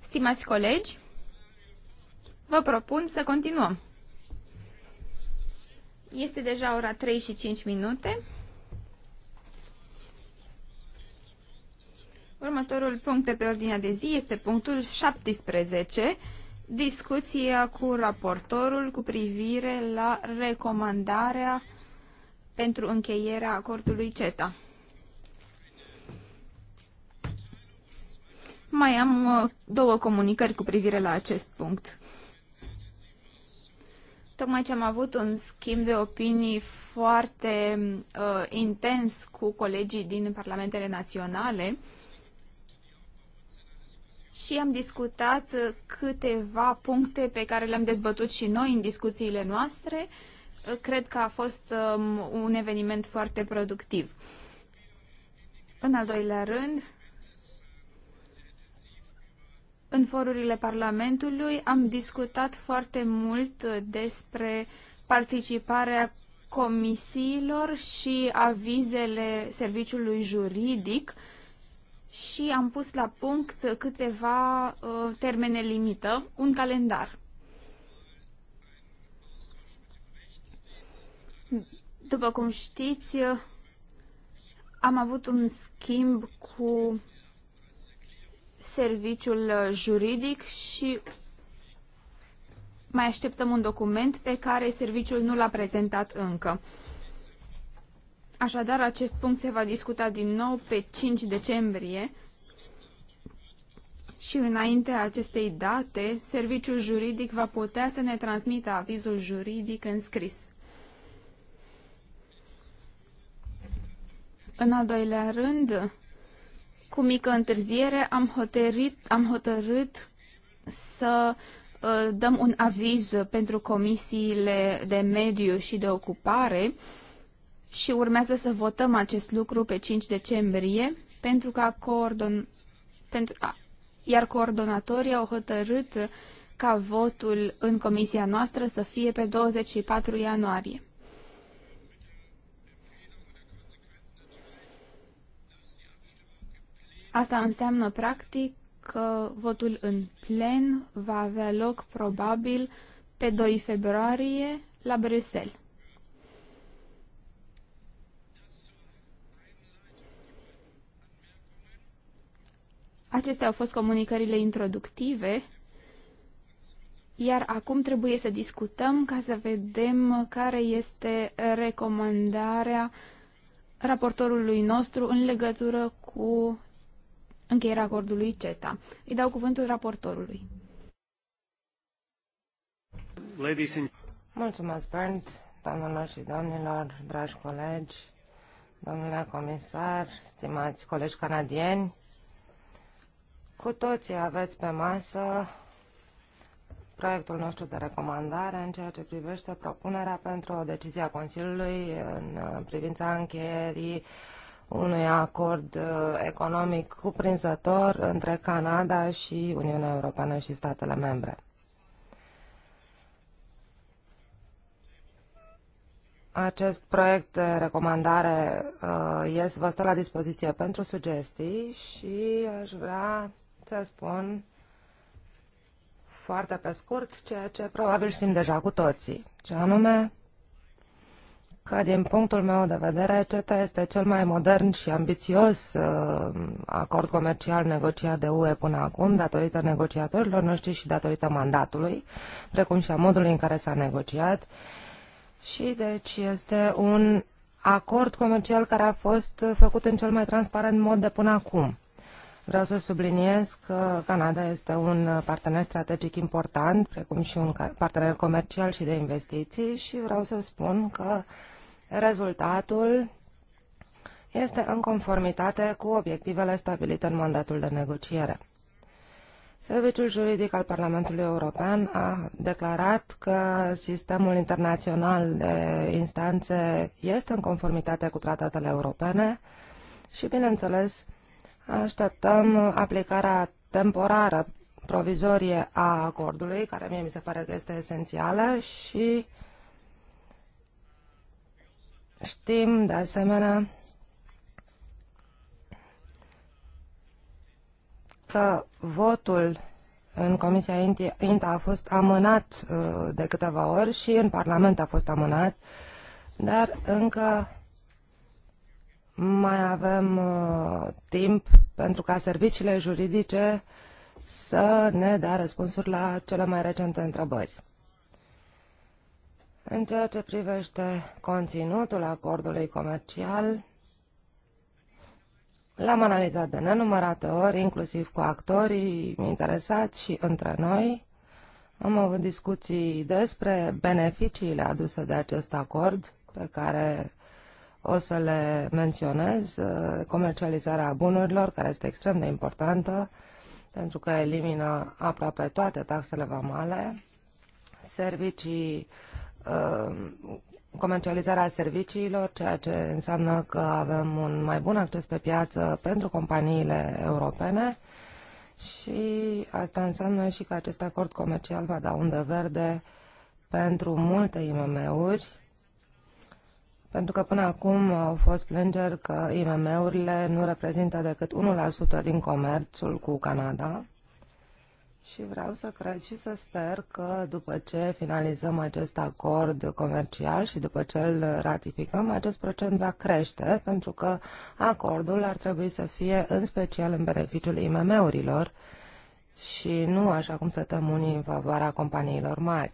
Stimați colegi, vă propun să continuăm. Este deja ora 3 și 5 minute. Următorul punct de pe ordinea de zi este punctul 17, discuția cu raportorul cu privire la recomandarea pentru încheierea acordului CETA. Mai am uh, două comunicări cu privire la acest punct. Tocmai ce am avut un schimb de opinii foarte uh, intens cu colegii din parlamentele naționale și am discutat uh, câteva puncte pe care le-am dezbătut și noi în discuțiile noastre. Uh, cred că a fost um, un eveniment foarte productiv. În al doilea rând, în forurile Parlamentului am discutat foarte mult despre participarea comisiilor și avizele serviciului juridic și am pus la punct câteva uh, termene limită, un calendar. După cum știți, am avut un schimb cu serviciul uh, juridic și mai așteptăm un document pe care serviciul nu l-a prezentat încă. Așadar, acest punct se va discuta din nou pe 5 decembrie și înaintea acestei date, serviciul juridic va putea să ne transmită avizul juridic în scris. În al doilea rând, cu mică întârziere am hotărât, am hotărât să uh, dăm un aviz pentru comisiile de mediu și de ocupare și urmează să votăm acest lucru pe 5 decembrie pentru că coordon, pentru, a, iar coordonatorii au hotărât ca votul în comisia noastră să fie pe 24 ianuarie. Asta înseamnă, practic, că votul în plen va avea loc probabil pe 2 februarie la Bruxelles. Acestea au fost comunicările introductive, iar acum trebuie să discutăm ca să vedem care este recomandarea raportorului nostru în legătură cu încheierea acordului CETA. Îi dau cuvântul raportorului. Mulțumesc, Bernd, doamnelor și domnilor, dragi colegi, domnule comisar, stimați colegi canadieni. Cu toții aveți pe masă proiectul nostru de recomandare în ceea ce privește propunerea pentru o decizie a Consiliului în privința încheierii uh, unui acord uh, economic cuprinzător între Canada și Uniunea Europeană și statele membre. Acest proiect de recomandare uh, este, vă stă la dispoziție pentru sugestii și aș vrea să spun foarte pe scurt ceea ce probabil știm deja cu toții, ce anume că din punctul meu de vedere CETA este cel mai modern și ambițios uh, acord comercial negociat de UE până acum, datorită negociatorilor noștri și datorită mandatului, precum și a modului în care s-a negociat. Și deci este un acord comercial care a fost făcut în cel mai transparent mod de până acum. Vreau să subliniez că Canada este un partener strategic important, precum și un partener comercial și de investiții și vreau să spun că Rezultatul este în conformitate cu obiectivele stabilite în mandatul de negociere. Serviciul juridic al Parlamentului European a declarat că sistemul internațional de instanțe este în conformitate cu tratatele europene și, bineînțeles, așteptăm aplicarea temporară provizorie a acordului, care mie mi se pare că este esențială și Știm, de asemenea, că votul în Comisia INTA a fost amânat uh, de câteva ori și în Parlament a fost amânat, dar încă mai avem uh, timp pentru ca serviciile juridice să ne dea răspunsuri la cele mai recente întrebări. În ceea ce privește conținutul acordului comercial, l-am analizat de nenumărate ori, inclusiv cu actorii interesați și între noi. Am avut discuții despre beneficiile aduse de acest acord, pe care o să le menționez, uh, comercializarea bunurilor, care este extrem de importantă, pentru că elimină aproape toate taxele vamale, servicii Uh, comercializarea serviciilor, ceea ce înseamnă că avem un mai bun acces pe piață pentru companiile europene și asta înseamnă și că acest acord comercial va da undă verde pentru multe IMM-uri, pentru că până acum au fost plângeri că IMM-urile nu reprezintă decât 1% din comerțul cu Canada și vreau să cred și să sper că după ce finalizăm acest acord comercial și după ce îl ratificăm, acest procent va crește, pentru că acordul ar trebui să fie în special în beneficiul IMM-urilor și nu așa cum se tăm unii în favoarea companiilor mari.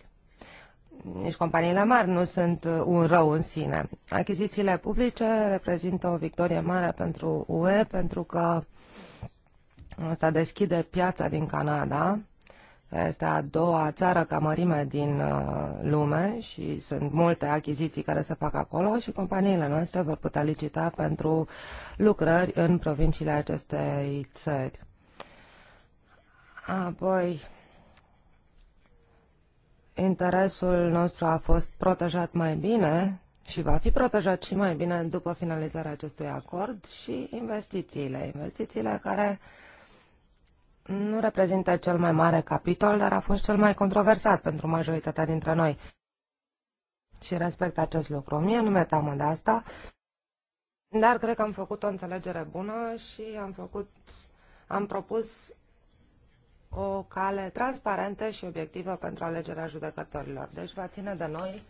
Nici companiile mari nu sunt un rău în sine. Achizițiile publice reprezintă o victorie mare pentru UE, pentru că Asta deschide piața din Canada, care este a doua țară ca mărime din uh, lume și sunt multe achiziții care se fac acolo și companiile noastre vor putea licita pentru lucrări în provinciile acestei țări. Apoi, interesul nostru a fost protejat mai bine și va fi protejat și mai bine după finalizarea acestui acord și investițiile. Investițiile care uh, nu reprezintă cel mai mare capitol, dar a fost cel mai controversat pentru majoritatea dintre noi. Și respect acest lucru. Mie nu mi-e teamă de asta, dar cred că am făcut o înțelegere bună și am făcut, am propus o cale transparentă și obiectivă pentru alegerea judecătorilor. Deci va ține de noi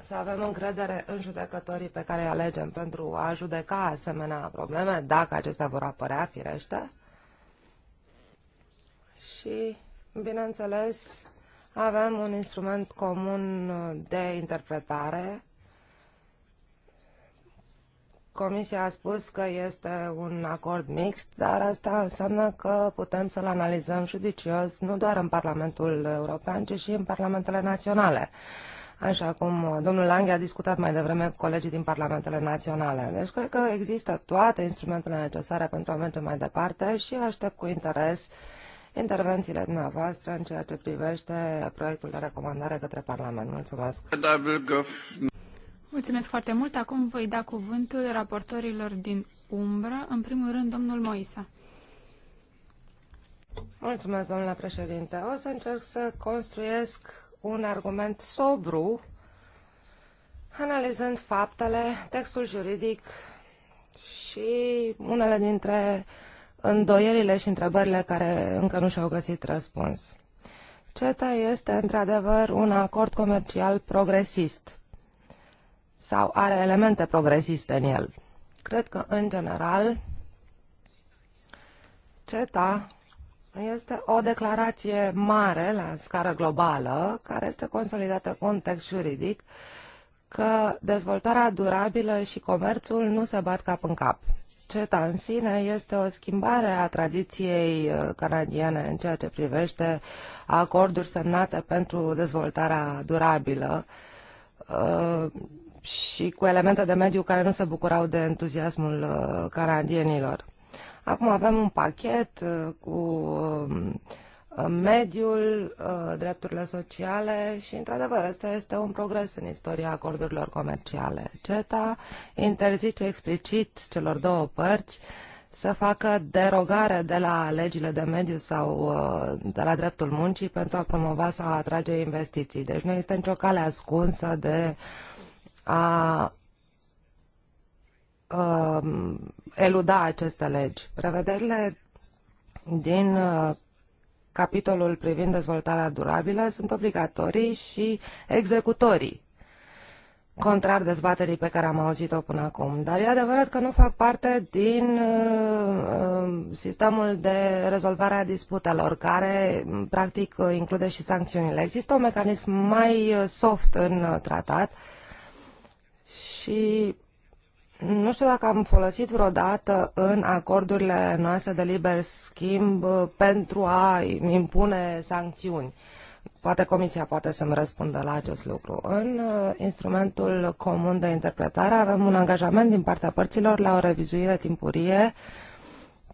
să avem încredere în judecătorii pe care îi alegem pentru a judeca asemenea probleme, dacă acestea vor apărea, firește, și, bineînțeles, avem un instrument comun uh, de interpretare. Comisia a spus că este un acord mixt, dar asta înseamnă că putem să-l analizăm judicios nu doar în Parlamentul European, ci și în Parlamentele Naționale așa cum uh, domnul Lange a discutat mai devreme cu colegii din Parlamentele Naționale. Deci cred că există toate instrumentele necesare pentru a merge mai departe și aștept cu interes uh, intervențiile dumneavoastră în ceea ce privește proiectul de recomandare către Parlament. Mulțumesc! Mulțumesc foarte mult. Acum voi da cuvântul raportorilor din umbră, în primul rând domnul Moisa. Mulțumesc, domnule președinte. O să încerc să construiesc un argument sobru, analizând faptele, textul juridic și unele dintre uh, îndoielile și întrebările care încă nu și-au găsit răspuns. CETA este într-adevăr un acord comercial progresist sau are elemente progresiste în el. Cred că, în general, CETA este o declarație mare la scară globală, care este consolidată cu un text juridic, că dezvoltarea durabilă și comerțul nu se bat cap în cap. CETA în sine este o schimbare a tradiției uh, canadiene în ceea ce privește acorduri semnate pentru dezvoltarea durabilă uh, și cu elemente de mediu care nu se bucurau de entuziasmul uh, canadienilor. Acum avem un pachet cu um, Uh, mediul, uh, drepturile sociale și, într-adevăr, asta este un progres în istoria acordurilor comerciale. CETA interzice explicit celor două părți să facă derogare de la legile de mediu sau uh, de la dreptul muncii pentru a promova sau a atrage investiții. Deci nu este nicio cale ascunsă de a um, eluda aceste legi. Prevederile din capitolul privind dezvoltarea durabilă sunt obligatorii și executorii, contrar dezbaterii pe care am auzit-o până acum. Dar e adevărat că nu fac parte din uh, uh sistemul de rezolvare a disputelor, care practic uh, include și sancțiunile. Există un mecanism mai uh, soft în tratat și nu știu dacă am folosit vreodată în acordurile noastre de liber schimb uh, pentru a impune sancțiuni. Poate Comisia poate să-mi răspundă la acest lucru. În uh, instrumentul comun de interpretare avem un angajament din partea părților la o revizuire timpurie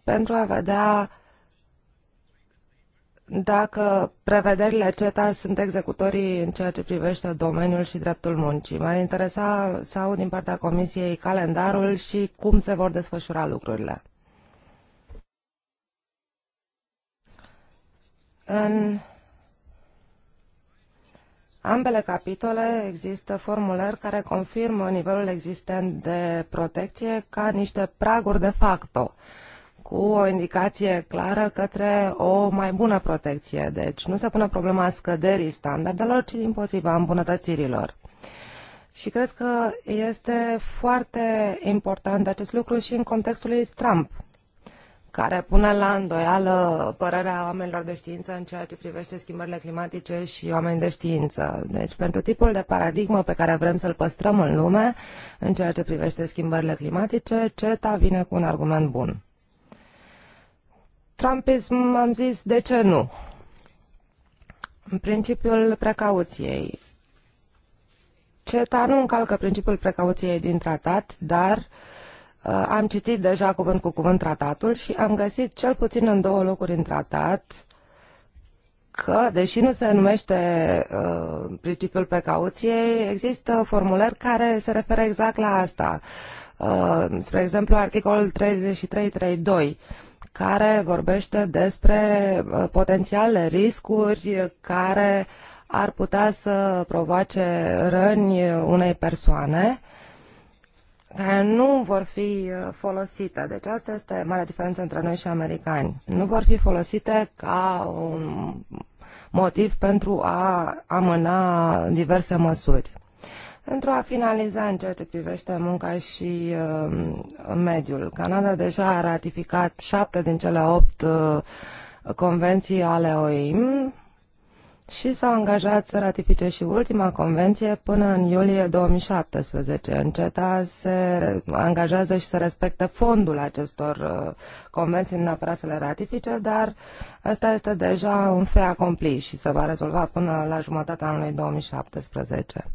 pentru a vedea dacă prevederile CETA sunt executorii în ceea ce privește domeniul și dreptul muncii. M-ar interesa să aud din partea Comisiei calendarul și cum se vor desfășura lucrurile. În ambele capitole există formulări care confirmă nivelul existent de protecție ca niște praguri de facto cu o indicație clară către o mai bună protecție. Deci nu se pune problema scăderii standardelor, ci din potriva îmbunătățirilor. Și cred că este foarte important acest lucru și în contextul lui Trump, care pune la îndoială părerea oamenilor de știință în ceea ce privește schimbările climatice și oamenii de știință. Deci, pentru tipul de paradigmă pe care vrem să-l păstrăm în lume, în ceea ce privește schimbările climatice, CETA vine cu un argument bun trumpism am zis de ce nu. În principiul precauției. CETA nu încalcă principiul precauției din tratat, dar uh, am citit deja cuvânt cu cuvânt tratatul și am găsit cel puțin în două locuri în tratat că, deși nu se numește uh, principiul precauției, există formulări care se referă exact la asta. Uh, spre exemplu, articolul 33.3.2 care vorbește despre uh, potențiale riscuri care ar putea să provoace răni unei persoane care nu vor fi uh, folosite. Deci asta este marea diferență între noi și americani. Nu vor fi folosite ca un motiv pentru a amâna diverse măsuri. Pentru a finaliza în ceea ce privește munca și uh, mediul, Canada deja a ratificat șapte din cele opt uh, convenții ale OIM și s-a angajat să ratifice și ultima convenție până în iulie 2017. În se angajează și să respecte fondul acestor uh, convenții, nu neapărat să le ratifice, dar asta este deja un fe acomplit și se va rezolva până la jumătatea anului 2017.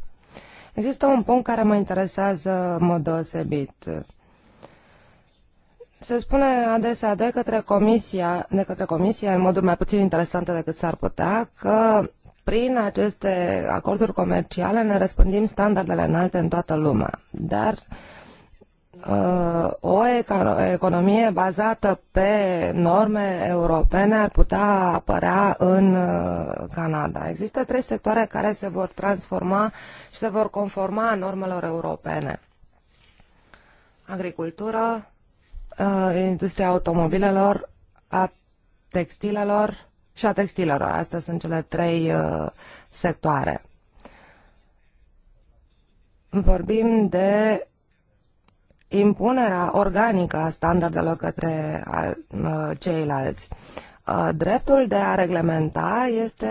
Există un punct care mă interesează în mod deosebit. Se spune adesea de către Comisia, de către Comisia în modul mai puțin interesant decât s-ar putea, că prin aceste acorduri comerciale ne răspândim standardele înalte în toată lumea. Dar uh, Uh, o economie bazată pe norme europene ar putea apărea în uh, Canada. Există trei sectoare care se vor transforma și se vor conforma normelor europene. Agricultură, uh, industria automobilelor, a textilelor și a textilelor. Astea sunt cele trei sectoare. Vorbim de impunerea organică a standardelor către ceilalți. Dreptul de a reglementa este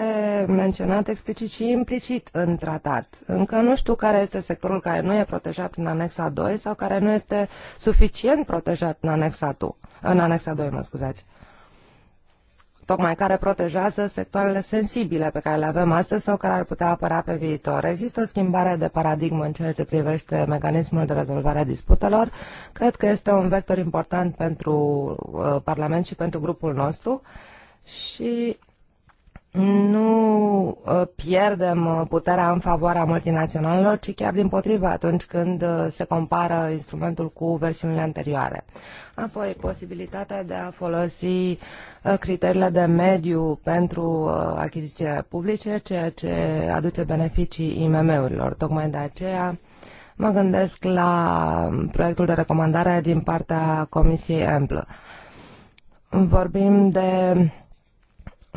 menționat explicit și implicit în tratat. Încă nu știu care este sectorul care nu e protejat prin anexa 2 sau care nu este suficient protejat în anexa 2. În anexa 2, mă scuzați tocmai care protejează sectoarele sensibile pe care le avem astăzi sau care ar putea apărea pe viitor. Există o schimbare de paradigmă în ceea ce privește mecanismul de rezolvare a disputelor. Cred că este un vector important pentru uh, Parlament și pentru grupul nostru și nu uh, pierdem uh, puterea în favoarea multinaționalelor, ci chiar din potrivă atunci când uh, se compară instrumentul cu versiunile anterioare. Apoi, posibilitatea de a folosi criteriile de mediu pentru achizițiile publice, ceea ce aduce beneficii IMM-urilor. Tocmai de aceea mă gândesc la um, proiectul de recomandare din partea Comisiei Amplă. Vorbim de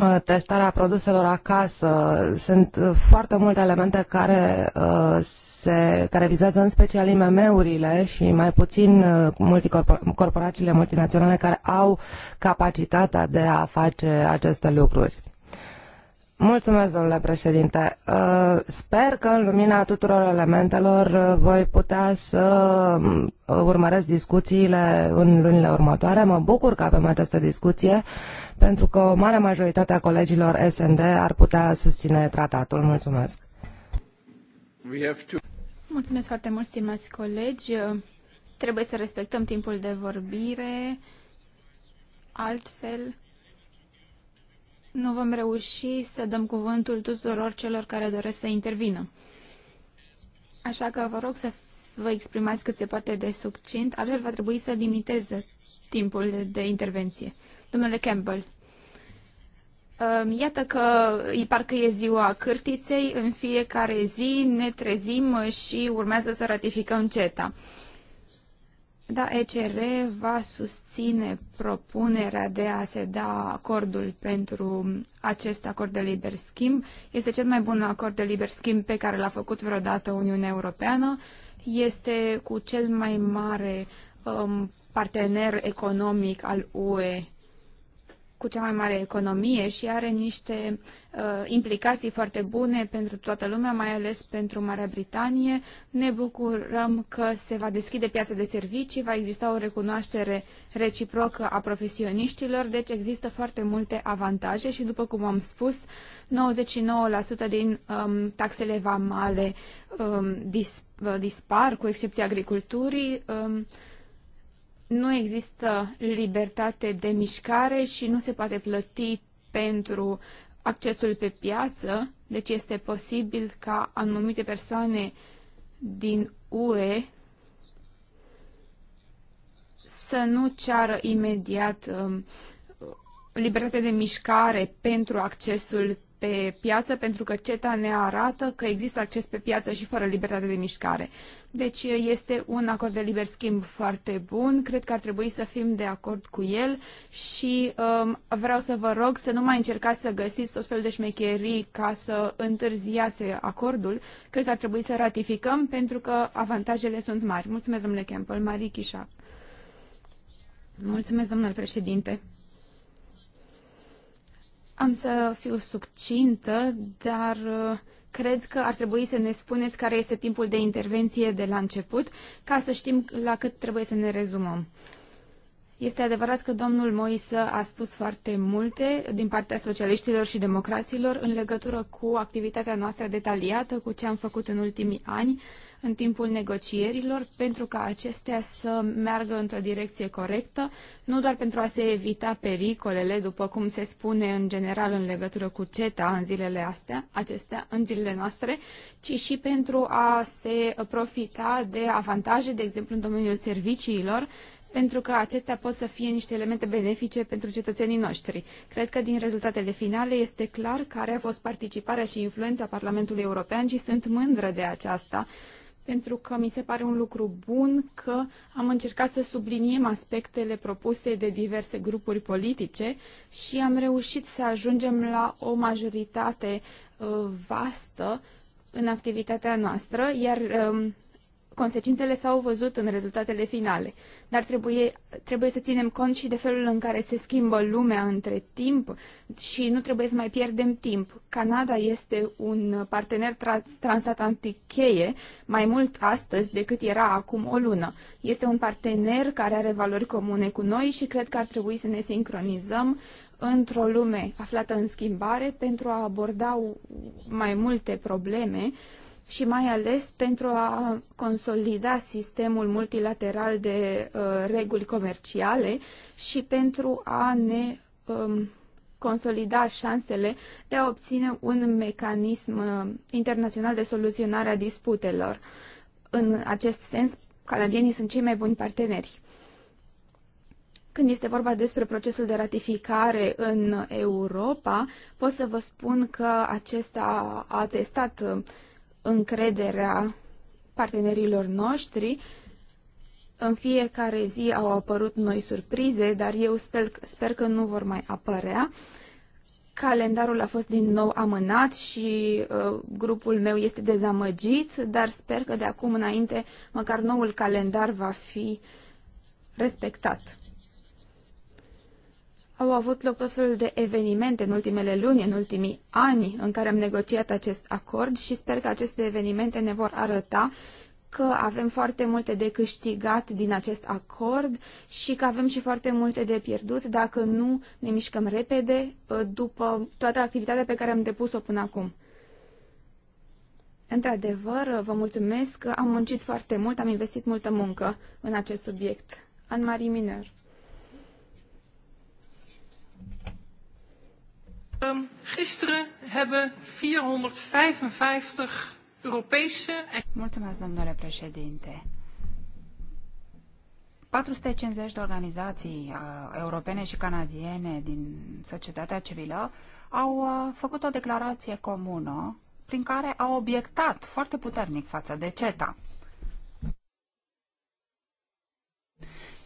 Uh, testarea produselor acasă. Sunt uh, foarte multe elemente care, uh, se, care vizează în special IMM-urile și mai puțin multicorporațiile multinaționale care au capacitatea de a face aceste lucruri. Mulțumesc, domnule președinte. Uh, sper că în lumina tuturor elementelor uh, voi putea să um, urmăresc discuțiile în lunile următoare. Mă bucur că avem această discuție pentru că o mare majoritate a colegilor SND ar putea susține tratatul. Mulțumesc. Mulțumesc foarte mult, stimați colegi. Uh, trebuie să respectăm timpul de vorbire. Altfel, nu vom reuși să dăm cuvântul tuturor celor care doresc să intervină. Așa că vă rog să vă exprimați cât se poate de succint, altfel va trebui să limiteze timpul de intervenție. Domnule Campbell, um, Iată că parcă e ziua cârtiței, în fiecare zi ne trezim și urmează să ratificăm CETA. Da, ECR va susține propunerea de a se da acordul pentru acest acord de liber schimb. Este cel mai bun acord de liber schimb pe care l-a făcut vreodată Uniunea Europeană. Este cu cel mai mare um, partener economic al UE cu cea mai mare economie și are niște uh, implicații foarte bune pentru toată lumea, mai ales pentru Marea Britanie. Ne bucurăm că se va deschide piața de servicii, va exista o recunoaștere reciprocă a profesioniștilor, deci există foarte multe avantaje și, după cum am spus, 99% din um, taxele vamale um, dis, uh, dispar, cu excepția agriculturii. Um, nu există libertate de mișcare și nu se poate plăti pentru accesul pe piață, deci este posibil ca anumite persoane din UE să nu ceară imediat um, libertate de mișcare pentru accesul pe piață, pentru că CETA ne arată că există acces pe piață și fără libertate de mișcare. Deci este un acord de liber schimb foarte bun, cred că ar trebui să fim de acord cu el și um, vreau să vă rog să nu mai încercați să găsiți tot felul de șmecherii ca să întârziați acordul. Cred că ar trebui să ratificăm pentru că avantajele sunt mari. Mulțumesc, domnule Campbell. Marie Chișa. Mulțumesc, domnule președinte. Am să fiu succintă, dar uh, cred că ar trebui să ne spuneți care este timpul de intervenție de la început, ca să știm la cât trebuie să ne rezumăm. Este adevărat că domnul Moise a spus foarte multe din partea socialiștilor și democraților în legătură cu activitatea noastră detaliată, cu ce am făcut în ultimii ani, în timpul negocierilor, pentru ca acestea să meargă într-o direcție corectă, nu doar pentru a se evita pericolele, după cum se spune în general în legătură cu CETA în zilele astea, acestea, în zilele noastre, ci și pentru a se profita de avantaje, de exemplu, în domeniul serviciilor, pentru că acestea pot să fie niște elemente benefice pentru cetățenii noștri. Cred că din rezultatele finale este clar care a fost participarea și influența Parlamentului European și sunt mândră de aceasta pentru că mi se pare un lucru bun că am încercat să subliniem aspectele propuse de diverse grupuri politice și am reușit să ajungem la o majoritate uh, vastă în activitatea noastră, iar um, consecințele s-au văzut în rezultatele finale, dar trebuie, trebuie să ținem cont și de felul în care se schimbă lumea între timp și nu trebuie să mai pierdem timp. Canada este un partener transatlantic cheie mai mult astăzi decât era acum o lună. Este un partener care are valori comune cu noi și cred că ar trebui să ne sincronizăm într-o lume aflată în schimbare pentru a aborda mai multe probleme uh, și mai ales pentru a consolida sistemul multilateral de uh, reguli comerciale și pentru a ne um, consolida șansele de a obține un mecanism uh, internațional de soluționare a disputelor. În acest sens, canadienii sunt cei mai buni parteneri. Când este vorba despre procesul de ratificare în Europa, pot să vă spun că acesta a testat uh, încrederea partenerilor noștri. În fiecare zi au apărut noi surprize, dar eu sper, sper că nu vor mai apărea. Calendarul a fost din nou amânat și uh, grupul meu este dezamăgit, dar sper că de acum înainte măcar noul calendar va fi respectat. Au avut loc tot felul de evenimente în ultimele luni, în ultimii ani în care am negociat acest acord și sper că aceste evenimente ne vor arăta că avem foarte multe de câștigat din acest acord și că avem și foarte multe de pierdut dacă nu ne mișcăm repede uh, după toată activitatea pe care am depus-o până acum. Într-adevăr, uh, vă mulțumesc, am muncit foarte mult, am investit multă muncă în acest subiect. Anne-Marie Miner. Ehm, gisteren hebben 455 Europese... Mulțumesc, domnule președinte. 450 de organizații uh, europene și canadiene din societatea civilă au uh, făcut o declarație comună prin care au obiectat foarte puternic față de CETA.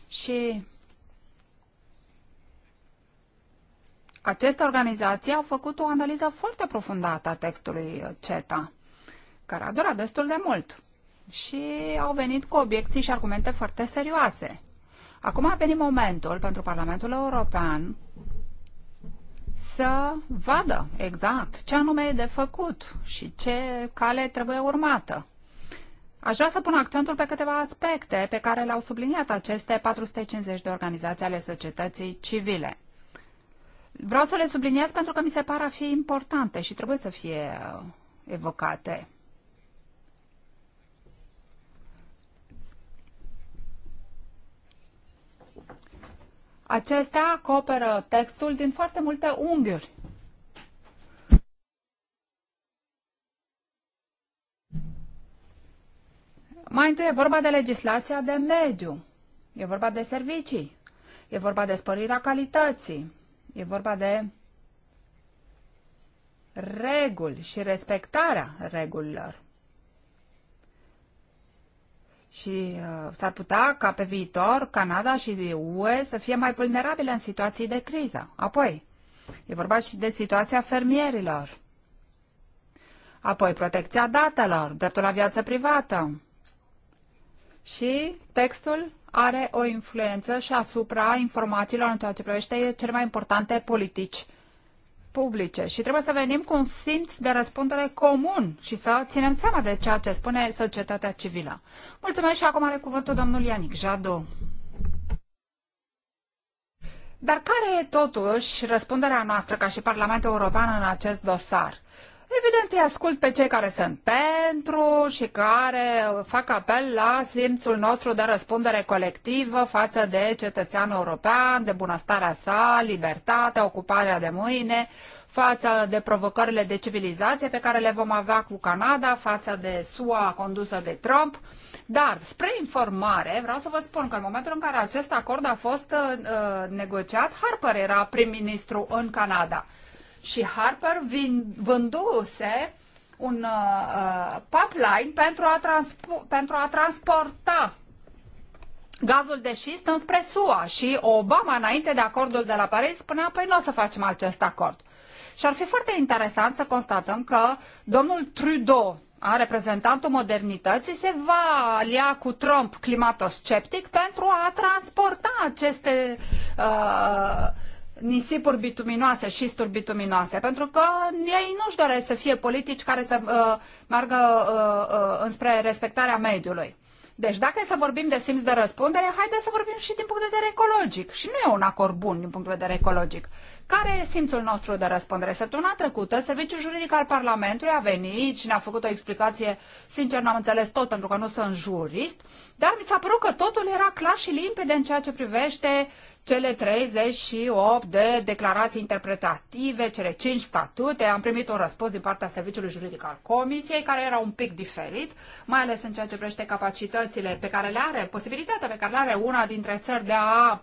Și Aceste organizații au făcut o analiză foarte profundată a textului CETA, care a durat destul de mult și au venit cu obiecții și argumente foarte serioase. Acum a venit momentul pentru Parlamentul European să vadă exact ce anume e de făcut și ce cale trebuie urmată. Aș vrea să pun accentul pe câteva aspecte pe care le-au subliniat aceste 450 de organizații ale societății civile. Vreau să le subliniez pentru că mi se par a fi importante și trebuie să fie uh, evocate. Acestea acoperă textul din foarte multe unghiuri. Mai întâi e vorba de legislația de mediu, e vorba de servicii, e vorba de spărirea calității, E vorba de reguli și respectarea regulilor. Și uh, s-ar putea ca pe viitor Canada și UE să fie mai vulnerabile în situații de criză. Apoi, e vorba și de situația fermierilor. Apoi, protecția datelor, dreptul la viață privată. Și textul are o influență și asupra informațiilor în ceea ce privește cele mai importante politici publice și trebuie să venim cu un simț de răspundere comun și să ținem seama de ceea ce spune societatea civilă. Mulțumesc și acum are cuvântul domnul Ianic Jadu. Dar care e totuși răspunderea noastră ca și Parlamentul European în acest dosar? Evident, îi ascult pe cei care sunt pentru și care fac apel la simțul nostru de răspundere colectivă față de cetățeanul european, de bunăstarea sa, libertatea, ocuparea de mâine, față de provocările de civilizație pe care le vom avea cu Canada, față de SUA condusă de Trump. Dar, spre informare, vreau să vă spun că în momentul în care acest acord a fost uh, uh negociat, Harper era prim-ministru în Canada. Și Harper vin, vânduse un uh, uh, pipeline pentru a, transpo- pentru a transporta gazul de șist înspre SUA și Obama, înainte de acordul de la Paris, spunea, păi nu o să facem acest acord. Și ar fi foarte interesant să constatăm că domnul Trudeau, a reprezentantul modernității, se va alia cu Trump climatosceptic pentru a transporta aceste uh, nisipuri bituminoase și sturi bituminoase, pentru că ei nu-și doresc să fie politici care să uh, meargă uh, uh, înspre respectarea mediului. Deci dacă e să vorbim de simț de răspundere, haideți să vorbim și din punct de vedere ecologic. Și nu e un acord bun din punct de vedere ecologic. Care e simțul nostru de răspundere? Săptămâna trecută, Serviciul Juridic al Parlamentului a venit și ne-a făcut o explicație, sincer nu am înțeles tot pentru că nu sunt jurist, dar mi s-a părut că totul era clar și limpede în ceea ce privește cele 38 de declarații interpretative, cele 5 statute. Am primit un răspuns din partea Serviciului Juridic al Comisiei, care era un pic diferit, mai ales în ceea ce privește capacitățile pe care le are, posibilitatea pe care le are una dintre țări de a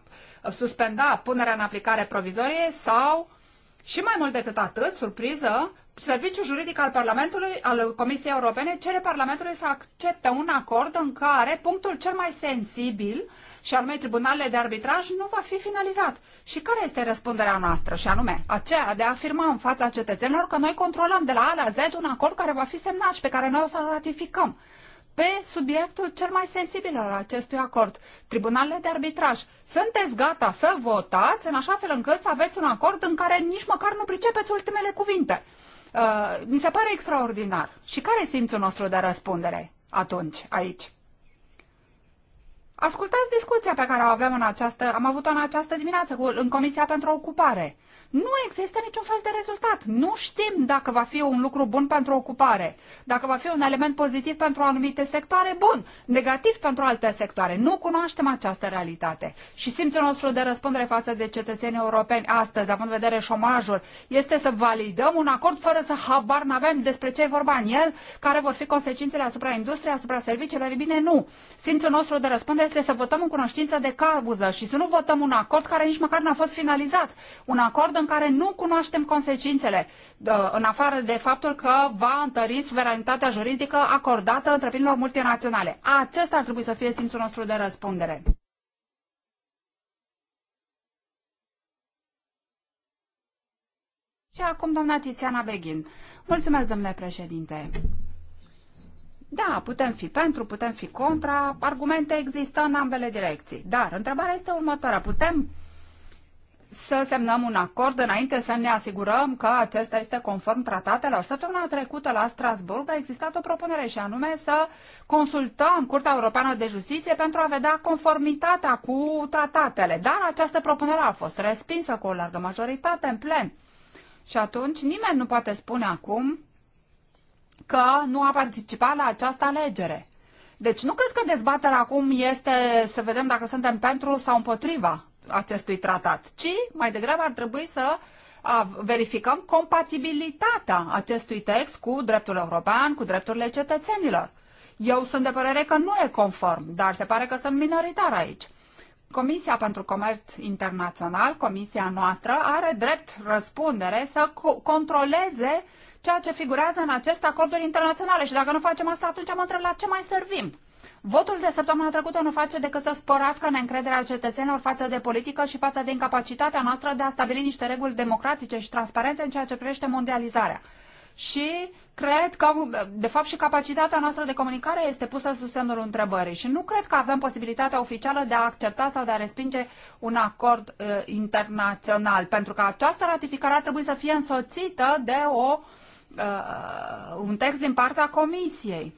suspenda punerea în aplicare provizorie sau, și mai mult decât atât, surpriză, Serviciul juridic al Parlamentului, al Comisiei Europene, cere Parlamentului să accepte un acord în care punctul cel mai sensibil, și anume tribunalele de arbitraj, nu va fi finalizat. Și care este răspunderea noastră? Și anume, aceea de a afirma în fața cetățenilor că noi controlăm de la A la Z un acord care va fi semnat și pe care noi o să-l ratificăm pe subiectul cel mai sensibil al acestui acord, tribunalele de arbitraj. Sunteți gata să votați în așa fel încât să aveți un acord în care nici măcar nu pricepeți ultimele cuvinte. Uh, mi se pare extraordinar. Și care e simțul nostru de răspundere atunci, aici? Ascultați discuția pe care o avem în această, am avut-o în această dimineață cu, în Comisia pentru Ocupare. Nu există niciun fel de rezultat. Nu știm dacă va fi un lucru bun pentru ocupare, dacă va fi un element pozitiv pentru anumite sectoare, bun, negativ pentru alte sectoare. Nu cunoaștem această realitate. Și simțul nostru de răspundere față de cetățenii europeni astăzi, având în vedere șomajul, este să validăm un acord fără să habar n-avem despre ce e vorba în el, care vor fi consecințele asupra industriei, asupra serviciilor. Bine, nu. Simțul nostru de răspundere trebuie să votăm în cunoștință de cauză și să nu votăm un acord care nici măcar n-a fost finalizat. Un acord în care nu cunoaștem consecințele, în afară de faptul că va întări suveranitatea juridică acordată întreprinderilor multinaționale. Acesta ar trebui să fie simțul nostru de răspundere. Și acum doamna Tiziana Beghin. Mulțumesc, domnule președinte. Da, putem fi pentru, putem fi contra, argumente există în ambele direcții. Dar întrebarea este următoarea. Putem să semnăm un acord înainte să ne asigurăm că acesta este conform tratatelor. Săptămâna trecută la Strasburg a existat o propunere și anume să consultăm Curtea Europeană de Justiție pentru a vedea conformitatea cu tratatele. Dar această propunere a fost respinsă cu o largă majoritate în plen. Și atunci nimeni nu poate spune acum că nu a participat la această alegere. Deci nu cred că dezbaterea acum este să vedem dacă suntem pentru sau împotriva acestui tratat, ci mai degrabă ar trebui să verificăm compatibilitatea acestui text cu dreptul european, cu drepturile cetățenilor. Eu sunt de părere că nu e conform, dar se pare că sunt minoritar aici. Comisia pentru Comerț Internațional, comisia noastră, are drept răspundere să controleze ceea ce figurează în aceste acorduri internaționale. Și dacă nu facem asta, atunci mă întreb la ce mai servim. Votul de săptămâna trecută nu face decât să sporească neîncrederea cetățenilor față de politică și față de incapacitatea noastră de a stabili niște reguli democratice și transparente în ceea ce privește mondializarea. Și cred că, de fapt, și capacitatea noastră de comunicare este pusă sub semnul întrebării. Și nu cred că avem posibilitatea oficială de a accepta sau de a respinge un acord uh, internațional, pentru că această ratificare ar trebui să fie însoțită de o uh, uh, un text din partea comisiei.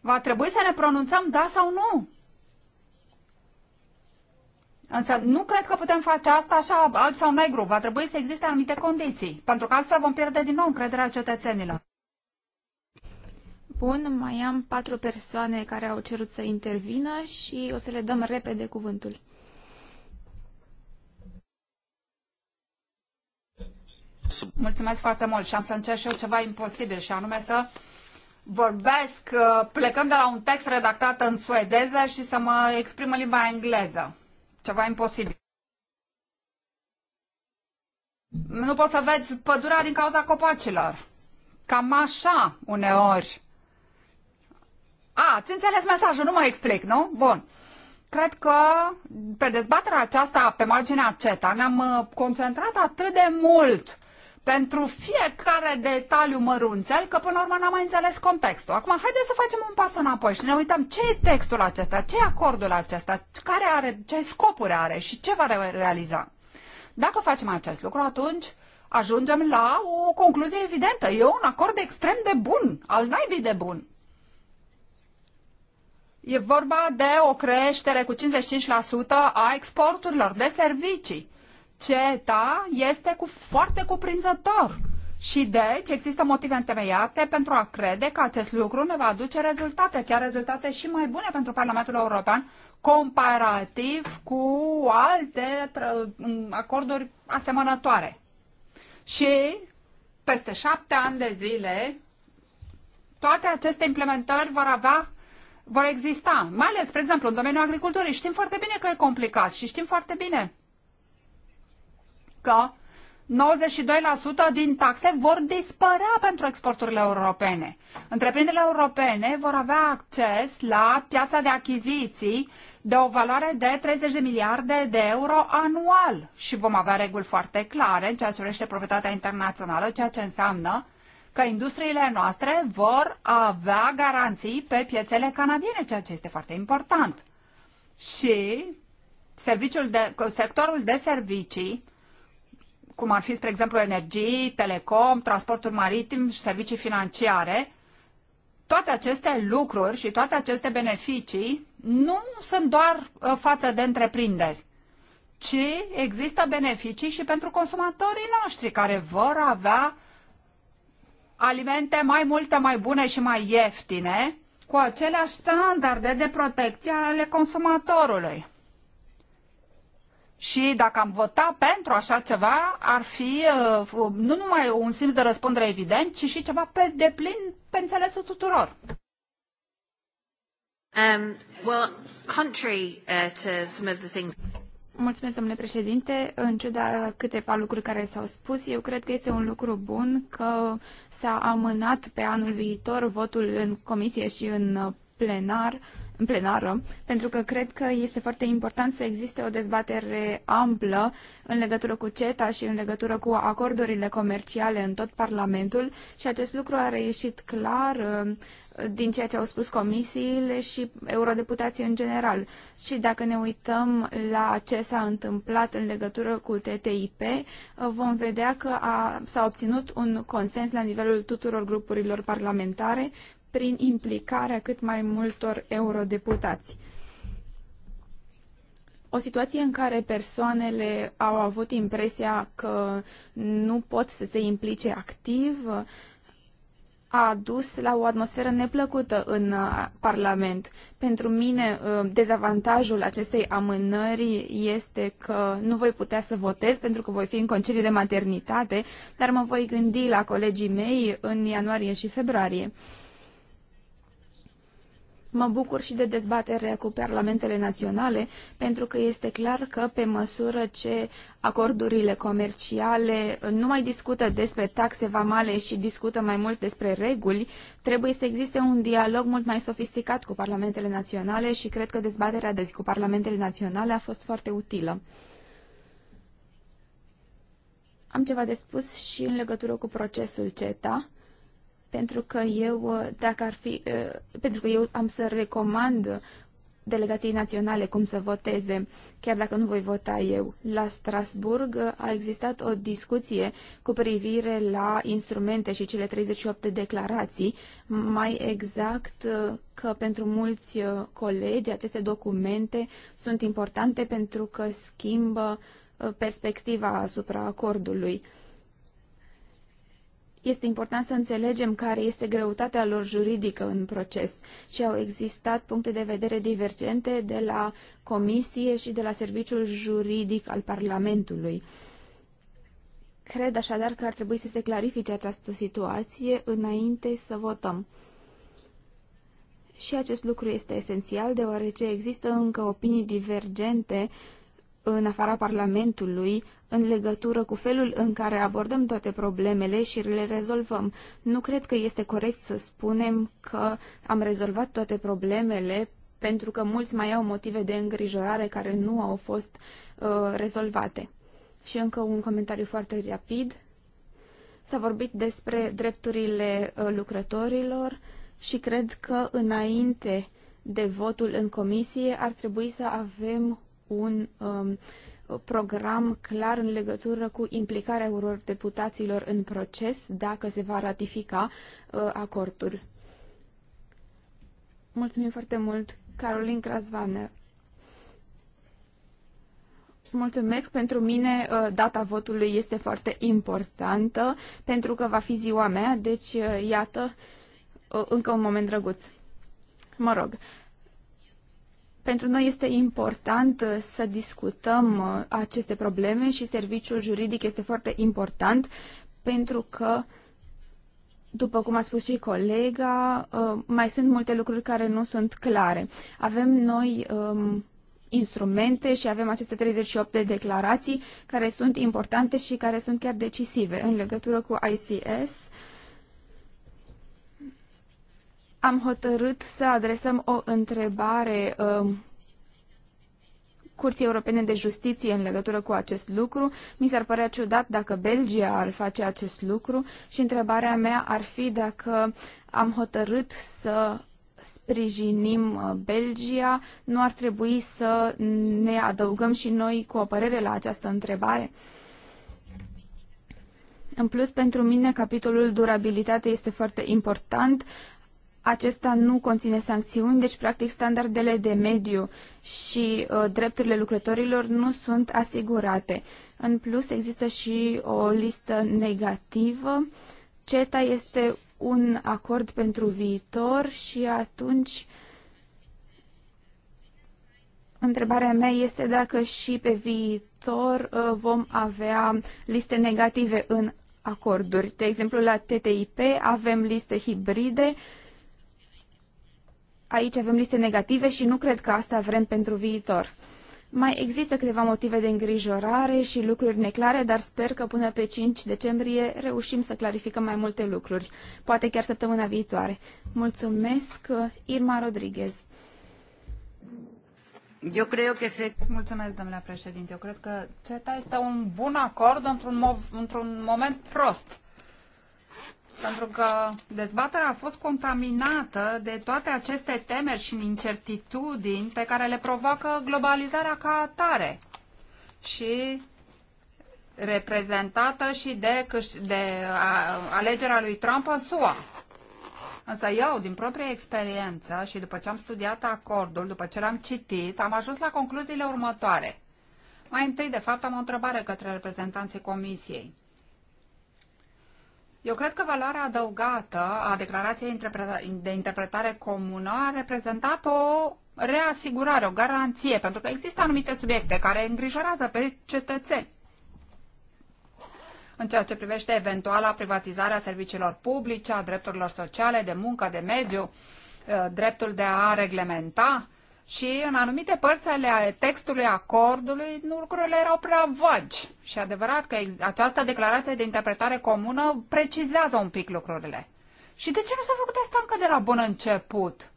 Va trebui să ne pronunțăm da sau nu. Însă nu cred că putem face asta așa alb sau negru. Va trebui să existe anumite condiții, pentru că altfel vom pierde din nou încrederea cetățenilor. Bun, mai am patru persoane care au cerut să intervină și o să le dăm repede cuvântul. Mulțumesc foarte mult și am să încerc și eu ceva imposibil și anume să vorbesc uh, plecând de la un text redactat în suedeză și să mă exprim în limba engleză. Ceva imposibil. Nu pot să vezi pădurea din cauza copacilor. Cam așa uneori. A, ți înțeles mesajul, nu mă explic, nu? Bun. Cred că pe dezbaterea aceasta, pe marginea CETA, ne-am uh, concentrat atât de mult pentru fiecare detaliu mărunțel, că până la urmă n-am mai înțeles contextul. Acum, haideți să facem un pas înapoi și ne uităm ce e textul acesta, ce e acordul acesta, care are, ce scopuri are și ce va realiza. Dacă facem acest lucru, atunci ajungem la o concluzie evidentă. E un acord extrem de bun, al naibii de bun. E vorba de o creștere cu 55% a exporturilor de servicii CETA este cu, foarte cuprinzător. Și deci există motive întemeiate pentru a crede că acest lucru ne va aduce rezultate, chiar rezultate și mai bune pentru Parlamentul European, comparativ cu alte acorduri asemănătoare. Și peste șapte ani de zile, toate aceste implementări vor avea vor exista, mai ales, spre exemplu, în domeniul agriculturii. Știm foarte bine că e complicat și știm foarte bine că 92% din taxe vor dispărea pentru exporturile europene. Întreprinderile europene vor avea acces la piața de achiziții de o valoare de 30 de miliarde de euro anual și vom avea reguli foarte clare în ceea ce urește proprietatea internațională, ceea ce înseamnă că industriile noastre vor avea garanții pe piețele canadiene, ceea ce este foarte important. Și serviciul de, sectorul de servicii cum ar fi, spre exemplu, energie, telecom, transportul maritim și servicii financiare, toate aceste lucruri și toate aceste beneficii nu sunt doar uh, față de întreprinderi, ci există beneficii și pentru consumatorii noștri care vor avea alimente mai multe, mai bune și mai ieftine, cu aceleași standarde de protecție ale consumatorului. Și dacă am vota pentru așa ceva, ar fi uh, nu numai un simț de răspundere evident, ci și ceva pe deplin pe înțelesul tuturor. Um, well, contrary uh, to some of the things... Mulțumesc, domnule președinte. În ciuda câteva lucruri care s-au spus, eu cred că este un lucru bun că s-a amânat pe anul viitor votul în comisie și în uh, plenar, în plenară, pentru că cred că este foarte important să existe o dezbatere amplă în legătură cu CETA și în legătură cu acordurile comerciale în tot Parlamentul și acest lucru a reieșit clar uh, din ceea ce au spus comisiile și eurodeputații în general. Și dacă ne uităm la ce s-a întâmplat în legătură cu TTIP, uh, vom vedea că a, s-a obținut un consens la nivelul tuturor grupurilor parlamentare prin implicarea cât mai multor eurodeputați. O situație în care persoanele au avut impresia că nu pot să se implice activ a dus la o atmosferă neplăcută în uh, Parlament. Pentru mine, uh, dezavantajul acestei amânări este că nu voi putea să votez pentru că voi fi în concediu de maternitate, dar mă voi gândi la colegii mei în ianuarie și februarie. Mă bucur și de dezbaterea cu parlamentele naționale, pentru că este clar că pe măsură ce acordurile comerciale uh, nu mai discută despre taxe vamale și discută mai mult despre reguli, trebuie să existe un dialog mult mai sofisticat cu parlamentele naționale și cred că dezbaterea de zi cu parlamentele naționale a fost foarte utilă. Am ceva de spus și în legătură cu procesul CETA pentru că eu, uh, dacă ar fi, uh, pentru că eu am să recomand delegației naționale cum să voteze, chiar dacă nu voi vota eu. La Strasburg uh, a existat o discuție cu privire la instrumente și cele 38 de declarații, mai exact că pentru mulți colegi aceste documente sunt importante pentru că schimbă perspectiva asupra acordului. Este important să înțelegem care este greutatea lor juridică în proces și au existat puncte de vedere divergente de la Comisie și de la Serviciul Juridic al Parlamentului. Cred așadar că ar trebui să se clarifice această situație înainte să votăm. Și acest lucru este esențial, deoarece există încă opinii divergente în afara Parlamentului în legătură cu felul în care abordăm toate problemele și le rezolvăm. Nu cred că este corect să spunem că am rezolvat toate problemele pentru că mulți mai au motive de îngrijorare care nu au fost uh, rezolvate. Și încă un comentariu foarte rapid. S-a vorbit despre drepturile uh, lucrătorilor și cred că înainte de votul în comisie ar trebui să avem un um, program clar în legătură cu implicarea deputaților în proces dacă se va ratifica uh, acordul. Mulțumim foarte mult, Carolin Crasvane. Mulțumesc. Pentru mine uh, data votului este foarte importantă pentru că va fi ziua mea, deci uh, iată uh, încă un moment drăguț. Mă rog, pentru noi este important uh, să discutăm uh, aceste probleme și serviciul juridic este foarte important pentru că, după cum a spus și colega, uh, mai sunt multe lucruri care nu sunt clare. Avem noi um, instrumente și avem aceste 38 de declarații care sunt importante și care sunt chiar decisive în legătură cu ICS. Uh, am hotărât să adresăm o întrebare um, Curții Europene de Justiție în legătură cu acest lucru. Mi s-ar părea ciudat dacă Belgia ar face acest lucru și întrebarea mea ar fi dacă am hotărât să sprijinim uh, Belgia, nu ar trebui să ne adăugăm și noi cu o părere la această întrebare? În plus, pentru mine, capitolul durabilitate este foarte important acesta nu conține sancțiuni, deci practic standardele de mediu și uh, drepturile lucrătorilor nu sunt asigurate. În plus există și o listă negativă. CETA este un acord pentru viitor și atunci întrebarea mea este dacă și pe viitor uh, vom avea liste negative în acorduri. De exemplu, la TTIP avem liste hibride uh, aici avem liste negative și nu cred că asta vrem pentru viitor. Mai există câteva motive de îngrijorare și lucruri neclare, dar sper că până pe 5 decembrie reușim să clarificăm mai multe lucruri, poate chiar săptămâna viitoare. Mulțumesc, Irma Rodriguez. Eu cred că se... Mulțumesc, domnule președinte. Eu cred că CETA este un bun acord într-un, mo- într moment prost pentru că dezbaterea a fost contaminată de toate aceste temeri și incertitudini pe care le provoacă globalizarea ca atare și reprezentată și de, de alegerea lui Trump în SUA. Însă eu, din propria experiență și după ce am studiat acordul, după ce l-am citit, am ajuns la concluziile următoare. Mai întâi, de fapt, am o întrebare către reprezentanții Comisiei. Eu cred că valoarea adăugată a declarației de interpretare comună a reprezentat o reasigurare, o garanție, pentru că există anumite subiecte care îngrijorează pe cetățeni în ceea ce privește eventuala privatizare a serviciilor publice, a drepturilor sociale, de muncă, de mediu, eh, dreptul de a reglementa și în anumite părți ale textului acordului lucrurile erau prea vagi. Și adevărat că această declarație de interpretare comună precizează un pic lucrurile. Și de ce nu s-a făcut asta încă de la bun început?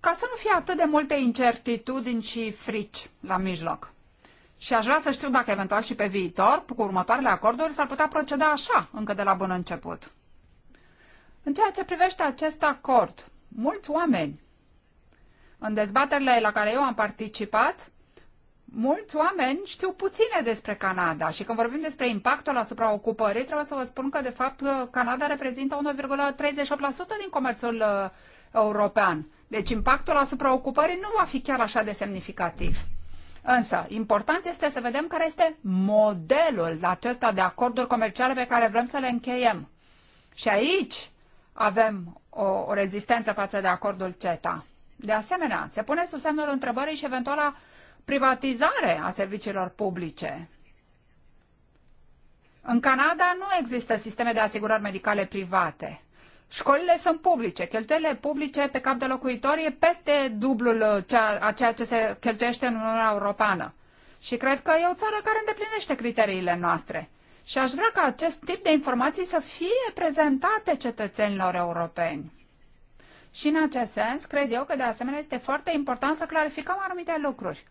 Ca să nu fie atât de multe incertitudini și frici la mijloc. Și aș vrea să știu dacă eventual și pe viitor, cu următoarele acorduri, s-ar putea proceda așa, încă de la bun început. În ceea ce privește acest acord, mulți oameni în dezbaterile la care eu am participat, mulți oameni știu puține despre Canada și când vorbim despre impactul asupra ocupării, trebuie să vă spun că, de fapt, Canada reprezintă 1,38% din comerțul uh, european. Deci impactul asupra ocupării nu va fi chiar așa de semnificativ. Însă, important este să vedem care este modelul acesta de acorduri comerciale pe care vrem să le încheiem. Și aici avem o, o rezistență față de acordul CETA. De asemenea, se pune sub semnul întrebării și eventuala privatizare a serviciilor publice. În Canada nu există sisteme de asigurări medicale private. Școlile sunt publice, cheltuielile publice pe cap de locuitor e peste dublul uh, a ceea ce se cheltuiește în Uniunea Europeană. Și cred că e o țară care îndeplinește criteriile noastre. Și aș vrea ca acest tip de informații să fie prezentate cetățenilor europeni. Și în acest sens, cred eu că de asemenea este foarte important să clarificăm anumite lucruri.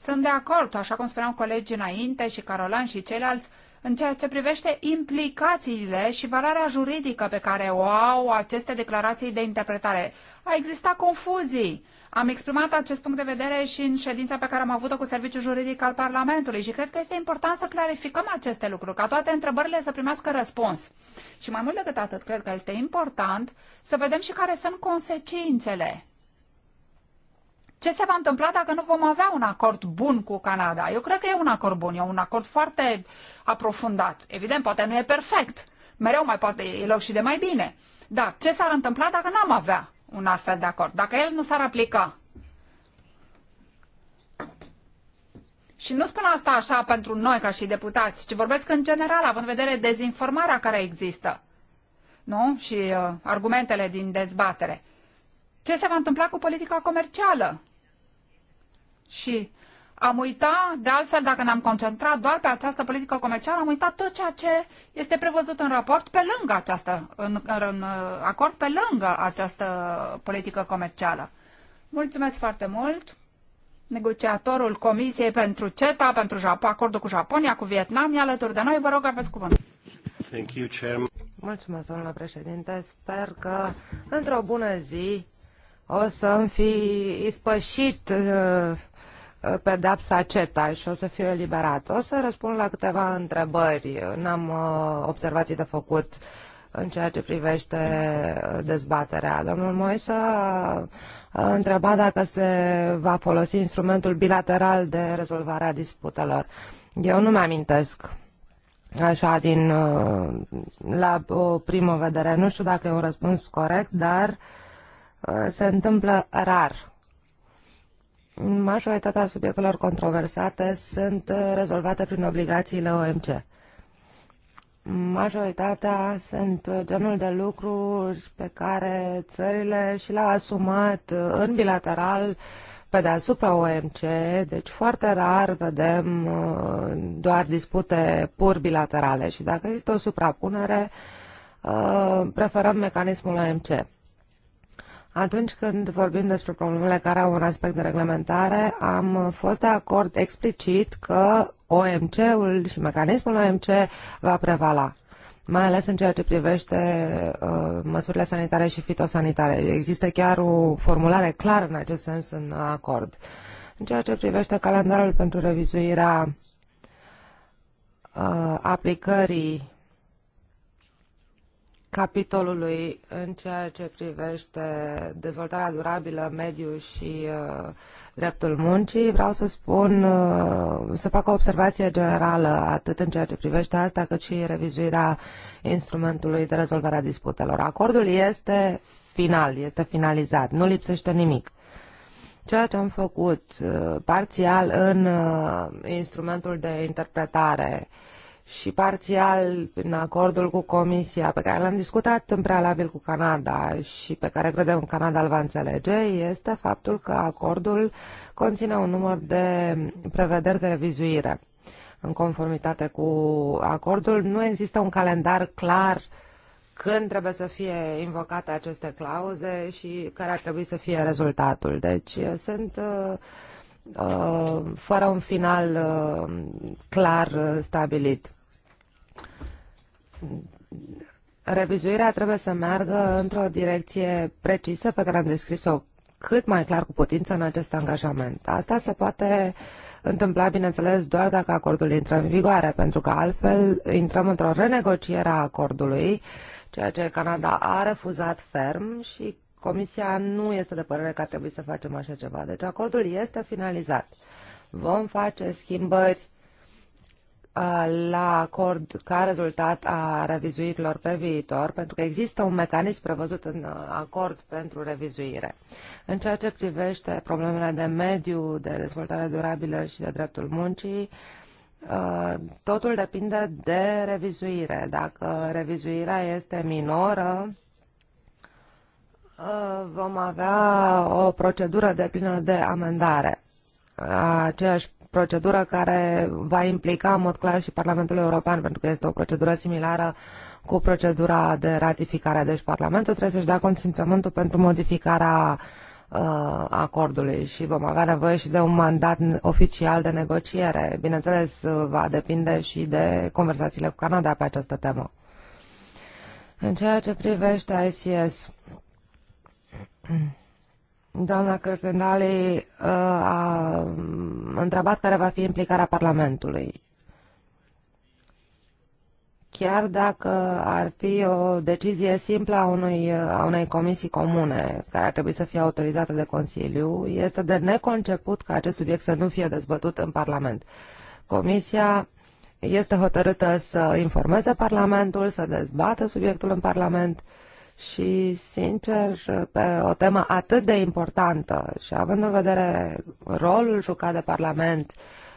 Sunt de acord, așa cum spuneau colegii înainte și Carolan și ceilalți, în ceea ce privește implicațiile și valoarea juridică pe care o au aceste declarații de interpretare. A existat confuzii am exprimat acest punct de vedere și în ședința pe care am avut-o cu Serviciul Juridic al Parlamentului și cred că este important să clarificăm aceste lucruri, ca toate întrebările să primească răspuns. Și mai mult decât atât, cred că este important să vedem și care sunt consecințele ce se va întâmpla dacă nu vom avea un acord bun cu Canada? Eu cred că e un acord bun, e un acord foarte aprofundat. Evident, poate nu e perfect. Mereu mai poate e loc și de mai bine. Dar ce s-ar întâmpla dacă n-am avea? un astfel de acord. Dacă el nu s-ar aplica, și nu spun asta așa pentru noi ca și deputați, ci vorbesc în general, având în vedere dezinformarea care există, nu? Și uh, argumentele din dezbatere. Ce se va întâmpla cu politica comercială? Și am uitat, de altfel, dacă ne-am concentrat doar pe această politică comercială, am uitat tot ceea ce este prevăzut în raport pe lângă această, în, în acord pe lângă această politică comercială. Mulțumesc foarte mult! Negociatorul Comisiei pentru CETA, pentru Japo, acordul cu Japonia, cu Vietnam, e alături de noi. Vă rog, aveți cuvânt. Thank you, Chairman. Mulțumesc, doamnă președinte. Sper că într-o bună zi o să-mi fi ispășit uh, pedapsa CETA și o să fiu eliberat. O să răspund la câteva întrebări. N-am uh, observații de făcut în ceea ce privește uh, dezbaterea. Domnul Moise a întrebat dacă se va folosi instrumentul bilateral de rezolvare a disputelor. Eu nu mi-amintesc așa din uh, la o primă vedere. Nu știu dacă e un răspuns corect, dar se întâmplă rar majoritatea subiectelor controversate sunt uh, rezolvate prin obligațiile OMC. Majoritatea sunt uh, genul de lucruri pe care țările și le-au asumat uh, în bilateral pe deasupra OMC, deci foarte rar vedem doar dispute pur bilaterale și dacă există o suprapunere, preferăm mecanismul OMC. Atunci când vorbim despre problemele care au un aspect de reglementare, am fost de acord explicit că OMC-ul și mecanismul OMC va prevala mai ales în ceea ce privește uh, măsurile sanitare și fitosanitare. Există chiar o formulare clară în acest sens în acord. În ceea ce privește calendarul pentru revizuirea uh, aplicării capitolului în ceea ce privește dezvoltarea durabilă, mediu și uh, dreptul muncii, vreau să spun, uh, să fac o observație generală atât în ceea ce privește asta, cât și revizuirea instrumentului de rezolvare a disputelor. Acordul este final, este finalizat, nu lipsește nimic. Ceea ce am făcut uh, parțial în uh, instrumentul de interpretare uh, și parțial prin acordul cu Comisia pe care l-am discutat în prealabil cu Canada și pe care credem că Canada îl va înțelege, este faptul că acordul conține un număr de prevederi de revizuire. În conformitate cu acordul, nu există un calendar clar când trebuie să fie invocate aceste clauze și care ar trebui să fie rezultatul. Deci sunt uh, uh fără un final uh, clar uh, stabilit revizuirea trebuie să meargă într-o direcție precisă pe care am descris-o cât mai clar cu putință în acest angajament. Asta se poate întâmpla, bineînțeles, doar dacă acordul intră în vigoare, pentru că altfel intrăm într-o renegociere a acordului, ceea ce Canada a refuzat ferm și Comisia nu este de părere că ar trebui să facem așa ceva. Deci acordul este finalizat. Vom face schimbări la acord ca rezultat a revizuirilor pe viitor, pentru că există un mecanism prevăzut în acord pentru revizuire. În ceea ce privește problemele de mediu, de dezvoltare durabilă și de dreptul muncii, uh, totul depinde de revizuire. Dacă revizuirea este minoră, uh, vom avea o procedură de plină de amendare aceeași procedură care va implica în mod clar și Parlamentul European, pentru că este o procedură similară cu procedura de ratificare. Deci Parlamentul trebuie să-și dea consimțământul pentru modificarea uh, acordului și vom avea nevoie și de un mandat oficial de negociere. Bineînțeles, va depinde și de conversațiile cu Canada pe această temă. În ceea ce privește ICS, Doamna Cărtendali uh, a întrebat care va fi implicarea Parlamentului. Chiar dacă ar fi o decizie simplă a, unui, a unei comisii comune care ar trebui să fie autorizată de Consiliu, este de neconceput ca acest subiect să nu fie dezbătut în Parlament. Comisia este hotărâtă să informeze Parlamentul, să dezbată subiectul în Parlament, și, sincer, pe o temă atât de importantă și având în vedere rolul jucat de Parlament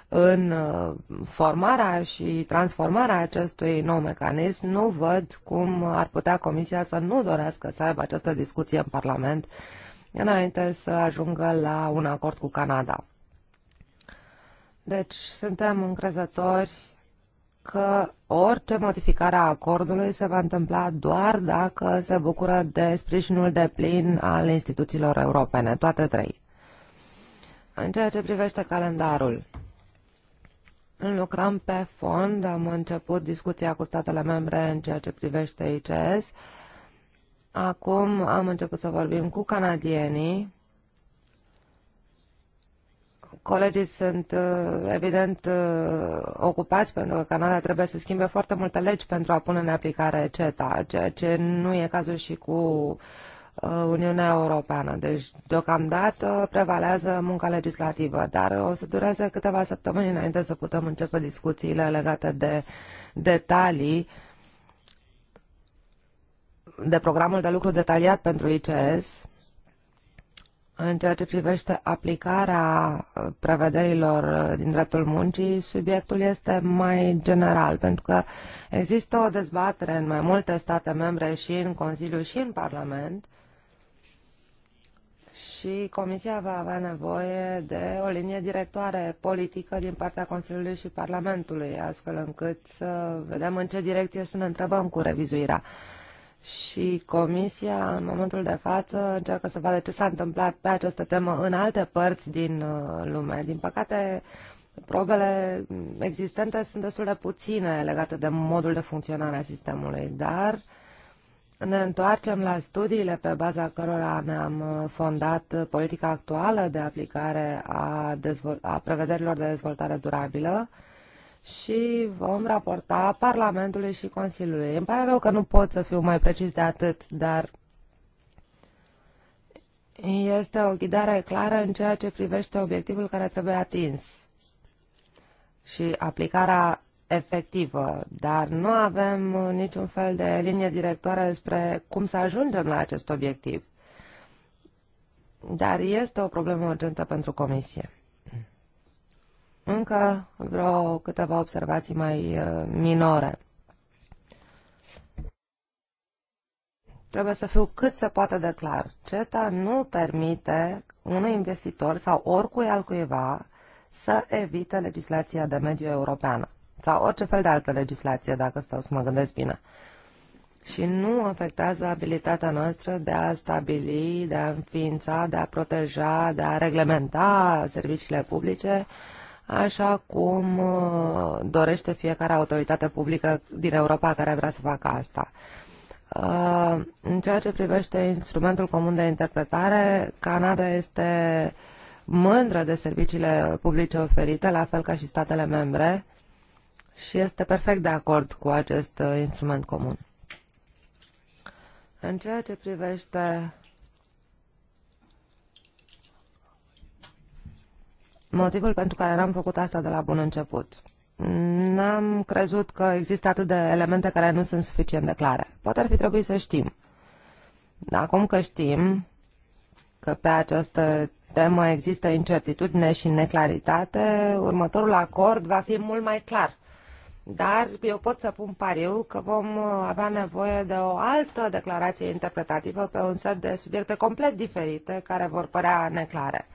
în uh, formarea și transformarea acestui nou mecanism, nu văd cum ar putea Comisia să nu dorească să aibă această discuție în Parlament înainte să ajungă la un acord cu Canada. Deci suntem încrezători că orice modificare a acordului se va întâmpla doar dacă se bucură de sprijinul de plin al instituțiilor europene, toate trei. În ceea ce privește calendarul, lucrăm pe fond, am început discuția cu statele membre în ceea ce privește ICS, acum am început să vorbim cu canadienii, Colegii sunt uh, evident uh, ocupați pentru că Canada trebuie să schimbe foarte multe legi pentru a pune în aplicare CETA, ceea ce nu e cazul și cu uh, Uniunea Europeană. Deci, deocamdată, prevalează munca legislativă, dar o să dureze câteva săptămâni înainte să putem începe discuțiile legate de detalii de programul de lucru detaliat pentru ICS în ceea ce privește aplicarea uh, prevederilor uh, din dreptul muncii, subiectul este mai general, pentru că există o dezbatere în mai multe state membre și în Consiliu și în Parlament și Comisia va avea nevoie de o linie directoare politică din partea Consiliului și Parlamentului, astfel încât să vedem în ce direcție să ne întrebăm cu revizuirea. Uh, și Comisia, în momentul de față, încearcă să vadă ce s-a întâmplat pe această temă în alte părți din uh, lume. Din păcate, probele existente sunt destul de puține legate de modul de funcționare a sistemului, dar ne întoarcem la studiile pe baza cărora ne-am uh, fondat politica actuală de aplicare a, a prevederilor de dezvoltare durabilă, și vom raporta Parlamentului și Consiliului. Îmi pare rău că nu pot să fiu mai precis de atât, dar este o ghidare clară în ceea ce privește obiectivul care trebuie atins și aplicarea efectivă, dar nu avem niciun fel de linie directoare despre cum să ajungem la acest obiectiv. Dar este o problemă urgentă pentru Comisie. Încă vreo câteva observații mai uh, minore. Trebuie să fiu cât se poate de clar. CETA nu permite unui investitor sau oricui altcuiva să evite legislația de mediu europeană sau orice fel de altă legislație, dacă stau să mă gândesc bine. Și nu afectează abilitatea noastră de a stabili, de a înființa, de a proteja, de a reglementa serviciile publice așa cum uh, dorește fiecare autoritate publică din Europa care vrea să facă asta. Uh, în ceea ce privește instrumentul comun de interpretare, Canada este mândră de serviciile publice oferite, la fel ca și statele membre, și este perfect de acord cu acest uh, instrument comun. În ceea ce privește motivul pentru care n-am făcut asta de la bun început. N-am crezut că există atât de elemente care nu sunt suficient de clare. Poate ar fi trebuit să știm. Acum că știm că pe această temă există incertitudine și neclaritate, următorul acord va fi mult mai clar. Dar eu pot să pun pariu că vom avea nevoie de o altă declarație interpretativă pe un set de subiecte complet diferite care vor părea neclare.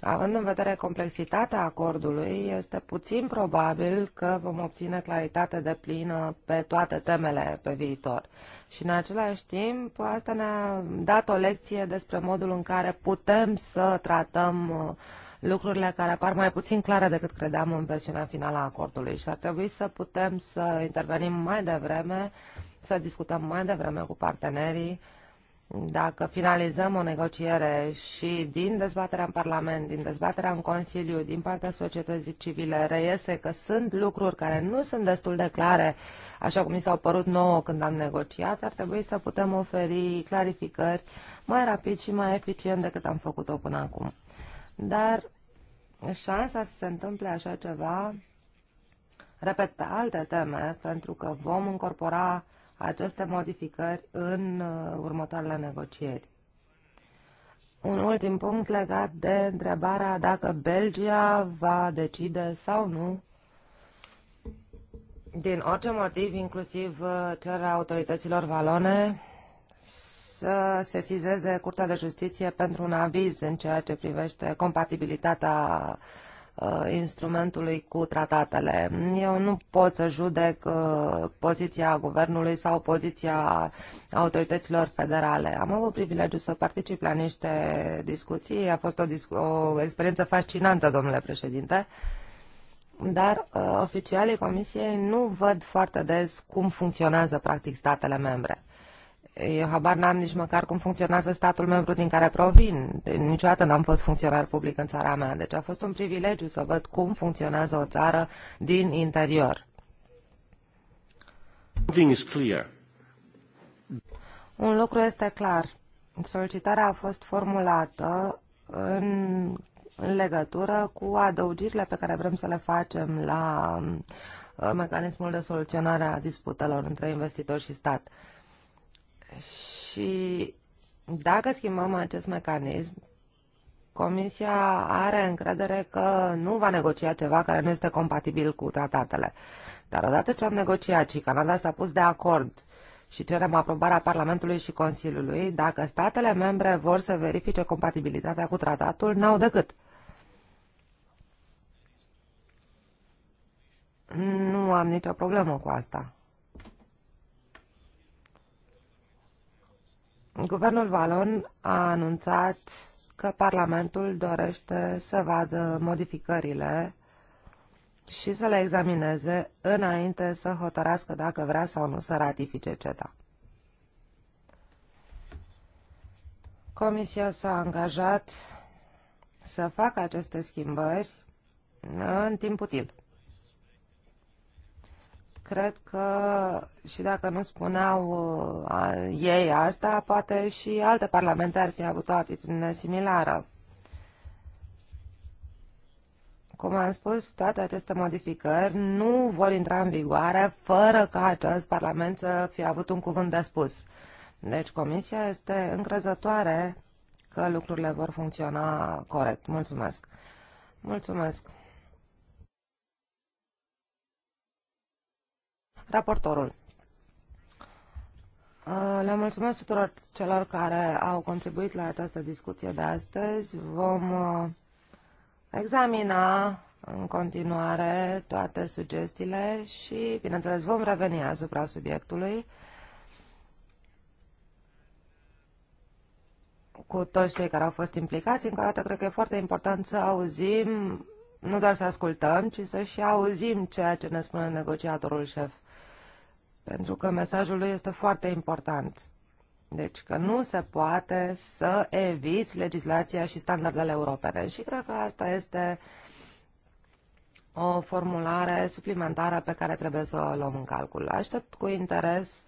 Având în vedere complexitatea acordului, este puțin probabil că vom obține claritate de plină pe toate temele pe viitor. Și în același timp, asta ne-a dat o lecție despre modul în care putem să tratăm uh, lucrurile care apar mai puțin clare decât credeam în versiunea finală a acordului și ar trebui să putem să intervenim mai devreme, să discutăm mai devreme cu partenerii dacă finalizăm o negociere și din dezbaterea în Parlament, din dezbaterea în Consiliu, din partea societății civile, reiese că sunt lucruri care nu sunt destul de clare, așa cum mi s-au părut nouă când am negociat, ar trebui să putem oferi clarificări mai rapid și mai eficient decât am făcut-o până acum. Dar șansa să se întâmple așa ceva, repet, pe alte teme, pentru că vom incorpora uh, aceste modificări în uh, următoarele negocieri. Un ultim punct legat de întrebarea dacă Belgia va decide sau nu din orice motiv, inclusiv uh, cererea autorităților valone, să sesizeze Curtea de Justiție pentru un aviz în ceea ce privește compatibilitatea Uh, instrumentului cu tratatele. Eu nu pot să judec uh, poziția guvernului sau poziția autorităților federale. Am avut privilegiu să particip la niște discuții. A fost o, o experiență fascinantă, domnule președinte. Dar uh, oficialii Comisiei nu văd foarte des cum funcționează practic statele membre. Eu habar n-am nici măcar cum funcționează statul membru din care provin. Niciodată n-am fost funcționar public în țara mea, deci a fost un privilegiu să văd cum funcționează o țară din interior. Un lucru este clar. Solicitarea a fost formulată în legătură cu adăugirile pe care vrem să le facem la uh, mecanismul de soluționare a disputelor între investitori și stat. Și dacă schimbăm acest mecanism, Comisia are încredere că nu va negocia ceva care nu este compatibil cu tratatele. Dar odată ce am negociat și Canada s-a pus de acord și cerem aprobarea Parlamentului și Consiliului, dacă statele membre vor să verifice compatibilitatea cu tratatul, n-au decât. Nu am nicio problemă cu asta. Guvernul Valon a anunțat că Parlamentul dorește să vadă modificările și să le examineze înainte să hotărască dacă vrea sau nu să ratifice CETA. Comisia s-a angajat să facă aceste schimbări în timp util cred că și dacă nu spuneau uh, a, ei asta, poate și alte parlamentari fi avut o atitudine similară. Cum am spus, toate aceste modificări nu vor intra în vigoare fără ca acest Parlament să fi avut un cuvânt de spus. Deci Comisia este încrezătoare că lucrurile vor funcționa corect. Mulțumesc! Mulțumesc! raportorul. Uh, le mulțumesc tuturor celor care au contribuit la această discuție de astăzi. Vom uh, examina în continuare toate sugestiile și, bineînțeles, vom reveni asupra subiectului. cu toți cei care au fost implicați. Încă o dată, cred că e foarte important să auzim, nu doar să ascultăm, ci să și auzim ceea ce ne spune negociatorul șef pentru că mesajul lui este foarte important. Deci că nu se poate să eviți legislația și standardele europene. Și cred că asta este o formulare suplimentară pe care trebuie să o luăm în calcul. Aștept cu interes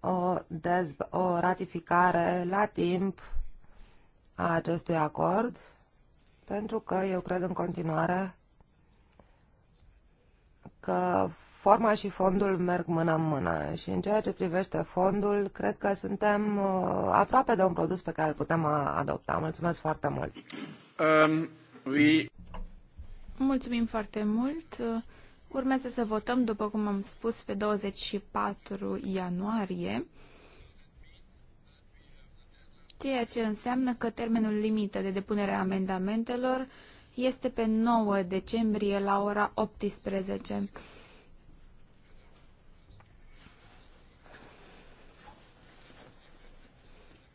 o, dezb- o ratificare la timp a acestui acord, pentru că eu cred în continuare că Forma și fondul merg mână în mână și în ceea ce privește fondul, cred că suntem uh, aproape de un produs pe care îl putem uh, adopta. Mulțumesc foarte mult! Um, we... Mulțumim foarte mult! Uh, urmează să votăm, după cum am spus, pe 24 ianuarie, ceea ce înseamnă că termenul limită de depunere a amendamentelor este pe 9 decembrie la ora 18.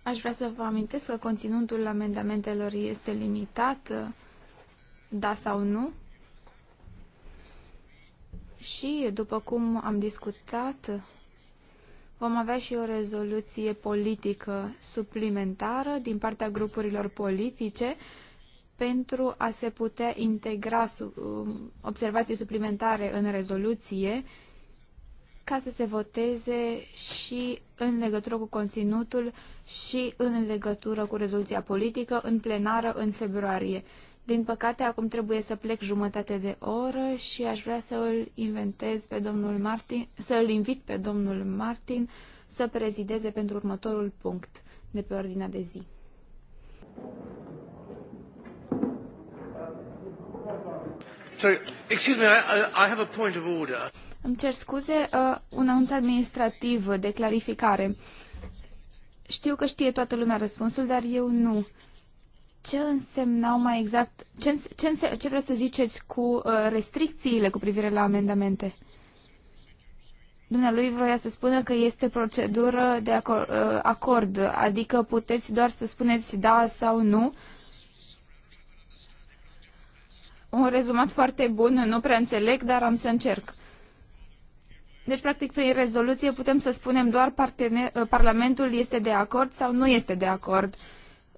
Aș vrea să vă amintesc că conținutul amendamentelor este limitat, da sau nu. Și, după cum am discutat, vom avea și o rezoluție politică suplimentară din partea grupurilor politice pentru a se putea integra um, observații suplimentare în rezoluție ca să se voteze și în legătură cu conținutul și în legătură cu rezoluția politică în plenară în februarie. Din păcate, acum trebuie să plec jumătate de oră și aș vrea să îl inventez pe domnul Martin, să îl invit pe domnul Martin să prezideze pentru următorul punct de pe ordinea de zi. Sorry, excuse me, I, I have a point of order. Îmi cer scuze, uh, un anunț administrativ de clarificare. Știu că știe toată lumea răspunsul, dar eu nu. Ce însemnau mai exact, ce, ce, înse, ce vreți să ziceți cu uh, restricțiile cu privire la amendamente? Dumnealui vroia să spună că este procedură de acord, uh, acord, adică puteți doar să spuneți da sau nu. Un rezumat foarte bun, nu prea înțeleg, dar am să încerc. Deci, practic, prin rezoluție putem să spunem doar Parlamentul este de acord sau nu este de acord,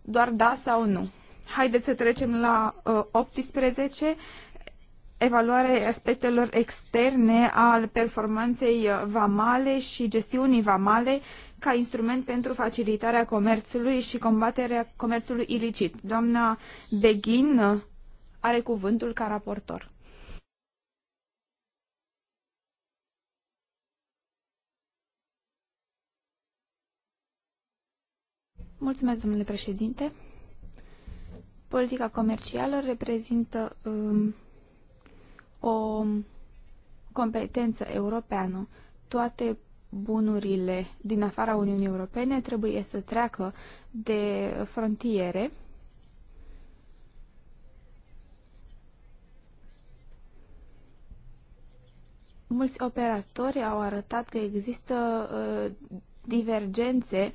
doar da sau nu. Haideți să trecem la uh, 18 evaluare aspectelor externe al performanței uh, vamale și gestiunii vamale ca instrument pentru facilitarea comerțului și combaterea comerțului ilicit. Doamna Beghin uh, are cuvântul ca raportor. Mulțumesc, domnule președinte. Politica comercială reprezintă um, o competență europeană. Toate bunurile din afara Uniunii Europene trebuie să treacă de frontiere mulți operatori au arătat că există uh, divergențe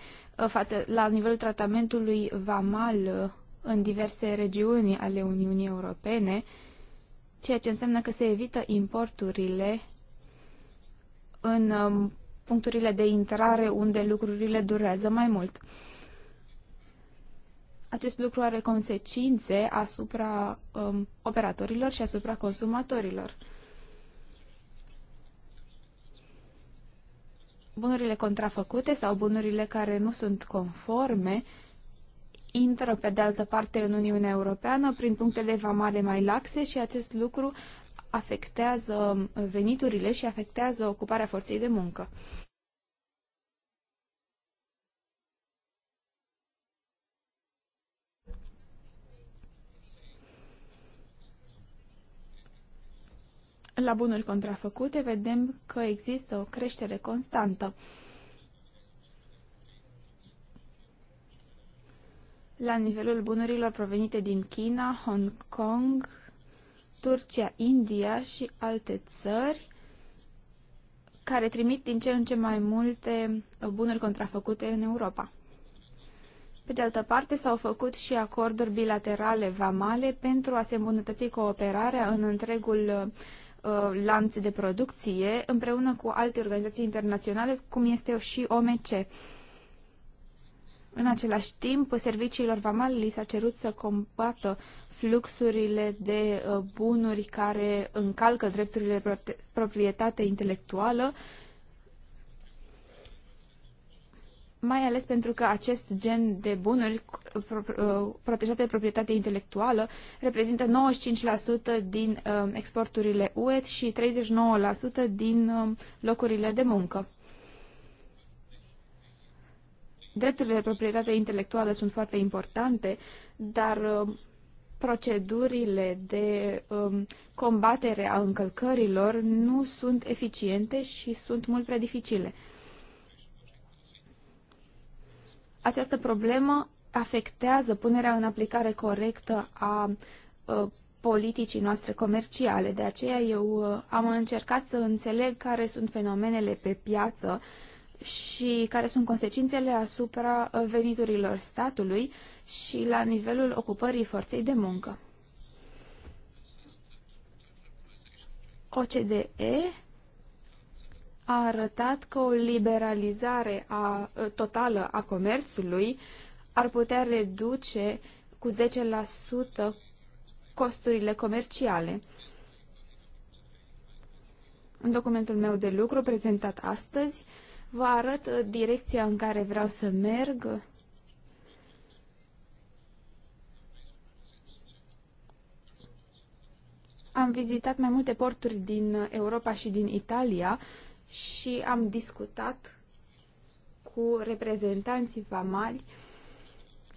față, la nivelul tratamentului vamal uh, în diverse regiuni ale Uniunii Europene, ceea ce înseamnă că se evită importurile în um, puncturile de intrare unde lucrurile durează mai mult. Acest lucru are consecințe asupra um, operatorilor și asupra consumatorilor. bunurile contrafăcute sau bunurile care nu sunt conforme intră pe de altă parte în Uniunea Europeană prin punctele vamale mai laxe și acest lucru afectează veniturile și afectează ocuparea forței de muncă. la bunuri contrafăcute vedem că există o creștere constantă. La nivelul bunurilor provenite din China, Hong Kong, Turcia, India și alte țări, care trimit din ce în ce mai multe bunuri contrafăcute în Europa. Pe de altă parte, s-au făcut și acorduri bilaterale vamale pentru a se îmbunătăți cooperarea în întregul Uh, lanț de producție împreună cu alte organizații internaționale, cum este și OMC. În același timp, serviciilor vamale li s-a cerut să combată fluxurile de uh, bunuri care încalcă drepturile de proprietate intelectuală mai ales pentru că acest gen de bunuri uh, protejate de proprietate intelectuală reprezintă 95% din um, exporturile UE și 39% din um, locurile de muncă. Drepturile de proprietate intelectuală sunt foarte importante, dar um, procedurile de um, combatere a încălcărilor nu sunt eficiente și sunt mult prea dificile. Această problemă afectează punerea în aplicare corectă a politicii noastre comerciale. De aceea eu am încercat să înțeleg care sunt fenomenele pe piață și care sunt consecințele asupra veniturilor statului și la nivelul ocupării forței de muncă. OCDE a arătat că o liberalizare a, ă, totală a comerțului ar putea reduce cu 10% costurile comerciale. În documentul meu de lucru prezentat astăzi, vă arăt ă, direcția în care vreau să merg. Am vizitat mai multe porturi din Europa și din Italia și am discutat cu reprezentanții vamali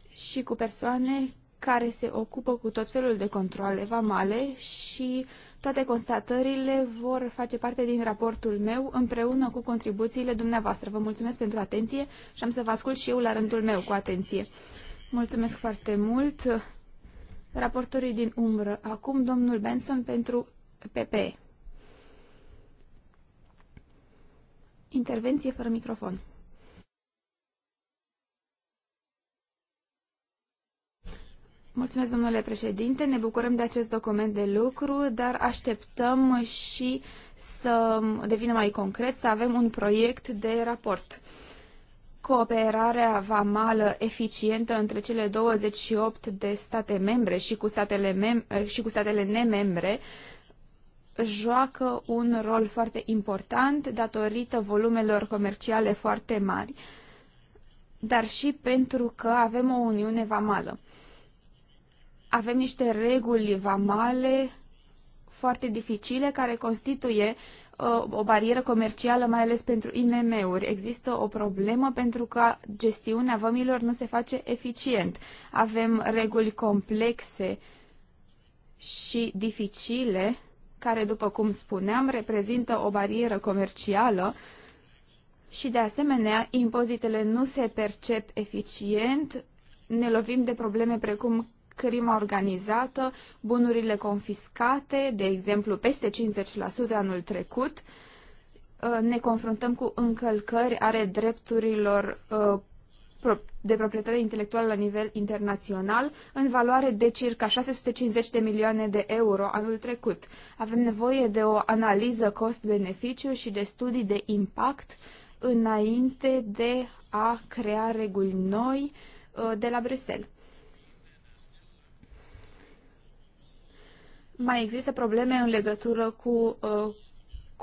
și cu persoane care se ocupă cu tot felul de controle vamale și toate constatările vor face parte din raportul meu împreună cu contribuțiile dumneavoastră. Vă mulțumesc pentru atenție și am să vă ascult și eu la rândul meu cu atenție. Mulțumesc foarte mult. Raportorii din umbră. Acum domnul Benson pentru PP. Intervenție fără microfon. Mulțumesc, domnule președinte. Ne bucurăm de acest document de lucru, dar așteptăm și să devină mai concret, să avem un proiect de raport. Cooperarea vamală eficientă între cele 28 de state membre și cu statele, mem- și cu statele nemembre uh, joacă un rol foarte important datorită volumelor comerciale foarte mari, dar și pentru că avem o uniune vamală. Avem niște reguli vamale foarte dificile care constituie uh, o barieră comercială, mai ales pentru IMM-uri. Există o problemă pentru că gestiunea vămilor nu se face eficient. Avem reguli complexe și dificile care, după cum spuneam, reprezintă o barieră comercială și, de asemenea, impozitele nu se percep eficient, ne lovim de probleme precum crima organizată, bunurile confiscate, de exemplu peste 50% anul trecut, uh, ne confruntăm cu încălcări ale drepturilor uh, de proprietate intelectuală la nivel internațional în valoare de circa 650 de milioane de euro anul trecut. Avem nevoie de o analiză cost-beneficiu și de studii de impact înainte de a crea reguli noi uh, de la Bruxelles. Mai există probleme în legătură cu uh,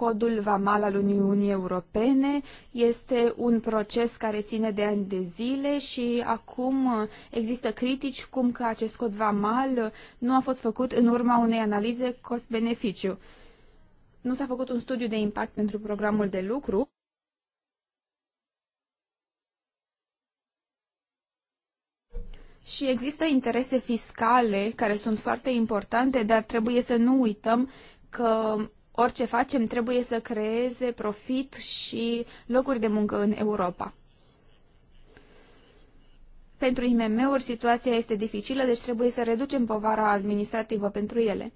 Codul Vamal al Uniunii Europene este un proces care ține de ani de zile și acum uh, există critici cum că acest cod Vamal uh, nu a fost făcut în urma unei analize cost-beneficiu. Nu s-a făcut un studiu de impact pentru programul de lucru. Și există interese fiscale care sunt foarte importante, dar trebuie să nu uităm că orice facem trebuie să creeze profit și locuri de muncă în Europa. Pentru IMM-uri situația este dificilă, deci trebuie să reducem povara administrativă pentru ele.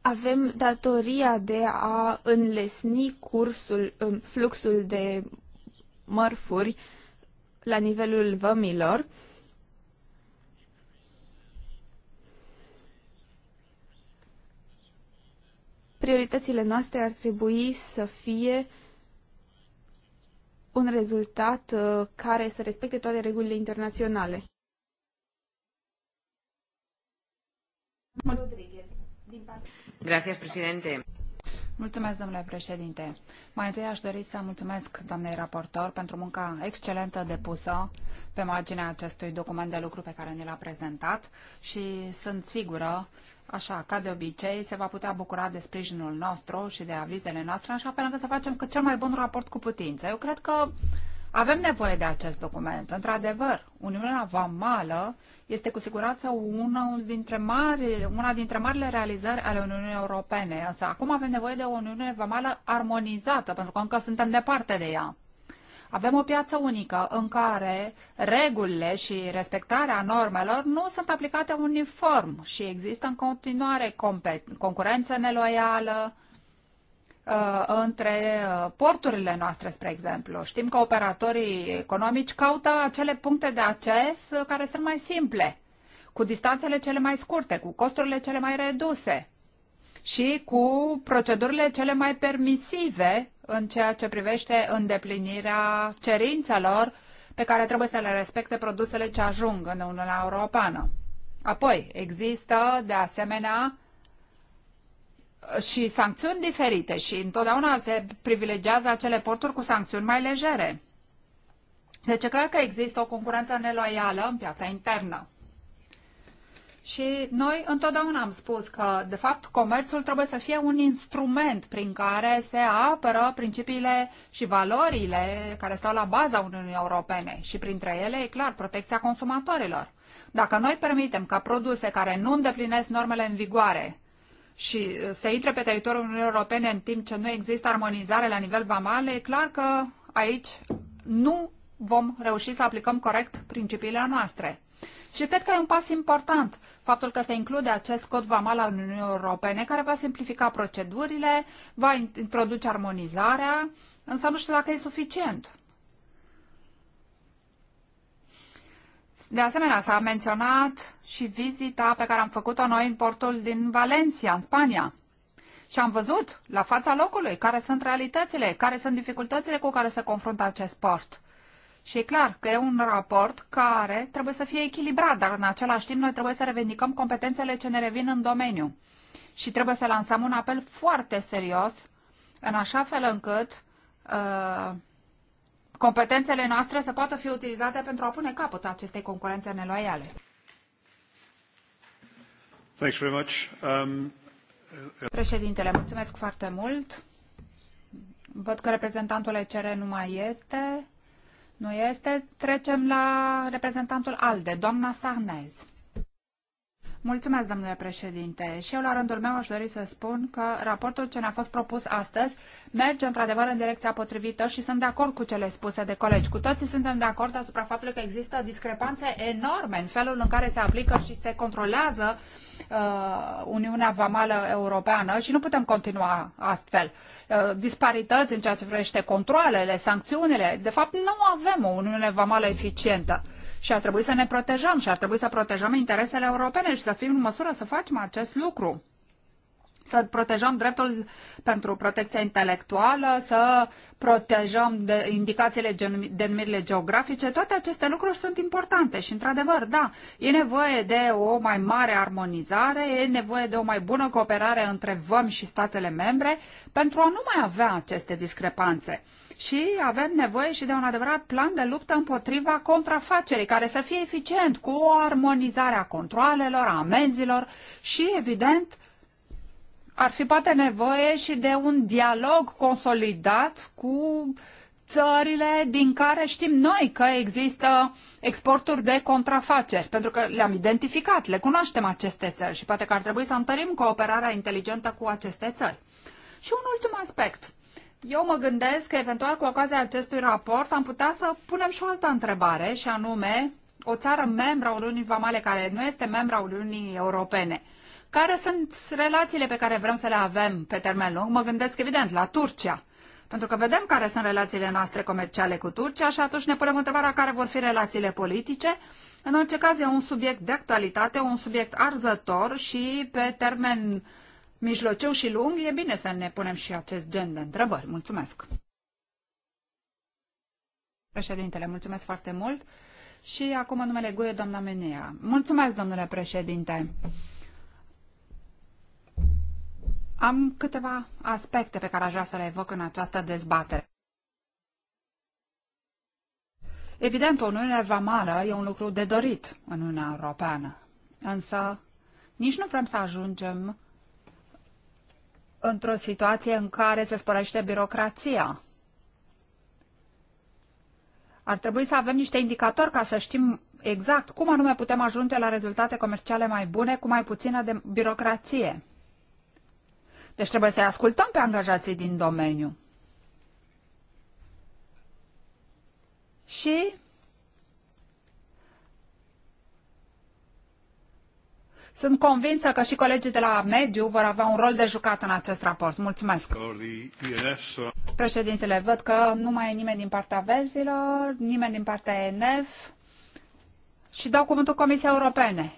Avem datoria de a înlesni cursul, um, fluxul de mărfuri la nivelul vămilor, prioritățile noastre ar trebui să fie un rezultat uh, care să respecte toate regulile internaționale. Rodriguez, din partea... Gracias, presidente. Mulțumesc, domnule președinte. Mai întâi aș dori să mulțumesc doamnei raportor pentru munca excelentă depusă pe marginea acestui document de lucru pe care ne l-a prezentat și sunt sigură, așa, ca de obicei, se va putea bucura de sprijinul nostru și de avizele noastre, așa fel încât să facem cât cel mai bun raport cu putință. Eu cred că avem nevoie de acest document. Într-adevăr, Uniunea Vamală este cu siguranță una dintre, mari, una dintre marile realizări ale Uniunii Europene, însă acum avem nevoie de o Uniune Vamală armonizată, pentru că încă suntem departe de ea. Avem o piață unică în care regulile și respectarea normelor nu sunt aplicate uniform și există în continuare concurență neloială, Uh, între uh, porturile noastre, spre exemplu. Știm că operatorii economici caută acele puncte de acces uh, care sunt mai simple, cu distanțele cele mai scurte, cu costurile cele mai reduse și cu procedurile cele mai permisive în ceea ce privește îndeplinirea cerințelor pe care trebuie să le respecte produsele ce ajung în Uniunea Europeană. Apoi, există, de asemenea, și sancțiuni diferite și întotdeauna se privilegiază acele porturi cu sancțiuni mai legere. Deci e clar că există o concurență neloială în piața internă. Și noi întotdeauna am spus că, de fapt, comerțul trebuie să fie un instrument prin care se apără principiile și valorile care stau la baza Uniunii Europene și printre ele, e clar, protecția consumatorilor. Dacă noi permitem ca produse care nu îndeplinesc normele în vigoare și uh, se intre pe teritoriul Uniunii Europene în timp ce nu există armonizare la nivel vamal, e clar că aici nu vom reuși să aplicăm corect principiile noastre. Și cred că e un pas important faptul că se include acest cod vamal al Uniunii Europene, care va simplifica procedurile, va introduce armonizarea, însă nu știu dacă e suficient. De asemenea, s-a menționat și vizita pe care am făcut-o noi în portul din Valencia, în Spania. Și am văzut la fața locului care sunt realitățile, care sunt dificultățile cu care se confruntă acest port. Și e clar că e un raport care trebuie să fie echilibrat, dar în același timp noi trebuie să revendicăm competențele ce ne revin în domeniu. Și trebuie să lansăm un apel foarte serios, în așa fel încât uh, competențele noastre să poată fi utilizate pentru a pune capăt acestei concurențe neloiale. Thanks very much. Um... Președintele, mulțumesc foarte mult. Văd că reprezentantul ECR nu mai este. Nu este. Trecem la reprezentantul ALDE, doamna Sarnez. Mulțumesc, domnule președinte. Și eu, la rândul meu, aș dori să spun că raportul ce ne-a fost propus astăzi merge într-adevăr în direcția potrivită și sunt de acord cu cele spuse de colegi. Cu toții suntem de acord asupra faptului că există discrepanțe enorme în felul în care se aplică și se controlează uh, Uniunea Vamală Europeană și nu putem continua astfel. Uh, disparități în ceea ce privește controlele, sancțiunile. De fapt, nu avem o Uniune Vamală eficientă și ar trebui să ne protejăm și ar trebui să protejăm interesele europene și să fim în măsură să facem acest lucru să protejăm dreptul pentru protecția intelectuală, să protejăm de indicațiile, denumirile geografice, toate aceste lucruri sunt importante și, într-adevăr, da, e nevoie de o mai mare armonizare, e nevoie de o mai bună cooperare între VAM și statele membre pentru a nu mai avea aceste discrepanțe și avem nevoie și de un adevărat plan de luptă împotriva contrafacerii, care să fie eficient, cu o armonizare a controalelor, a amenzilor și, evident, ar fi poate nevoie și de un dialog consolidat cu țările din care știm noi că există exporturi de contrafaceri, pentru că le-am identificat, le cunoaștem aceste țări și poate că ar trebui să întărim cooperarea inteligentă cu aceste țări. Și un ultim aspect eu mă gândesc că eventual cu ocazia acestui raport am putea să punem și o altă întrebare și anume o țară membra Uniunii Vamale care nu este membra Uniunii Europene. Care sunt relațiile pe care vrem să le avem pe termen lung? Mă gândesc evident la Turcia. Pentru că vedem care sunt relațiile noastre comerciale cu Turcia și atunci ne punem întrebarea care vor fi relațiile politice. În orice caz e un subiect de actualitate, un subiect arzător și pe termen mijlociu și lung, e bine să ne punem și acest gen de întrebări. Mulțumesc! Președintele, mulțumesc foarte mult! Și acum numele Guie, doamna Menea. Mulțumesc, domnule președinte! Am câteva aspecte pe care aș vrea să le evoc în această dezbatere. Evident, o Uniune Vamală e un lucru de dorit în Uniunea Europeană, însă nici nu vrem să ajungem într-o situație în care se spălăște birocrația. Ar trebui să avem niște indicatori ca să știm exact cum anume putem ajunge la rezultate comerciale mai bune cu mai puțină de birocrație. Deci trebuie să-i ascultăm pe angajații din domeniu. Și Sunt convinsă că și colegii de la Mediu vor avea un rol de jucat în acest raport. Mulțumesc! Președintele, văd că nu mai e nimeni din partea verzilor, nimeni din partea ENF și dau cuvântul Comisiei Europene.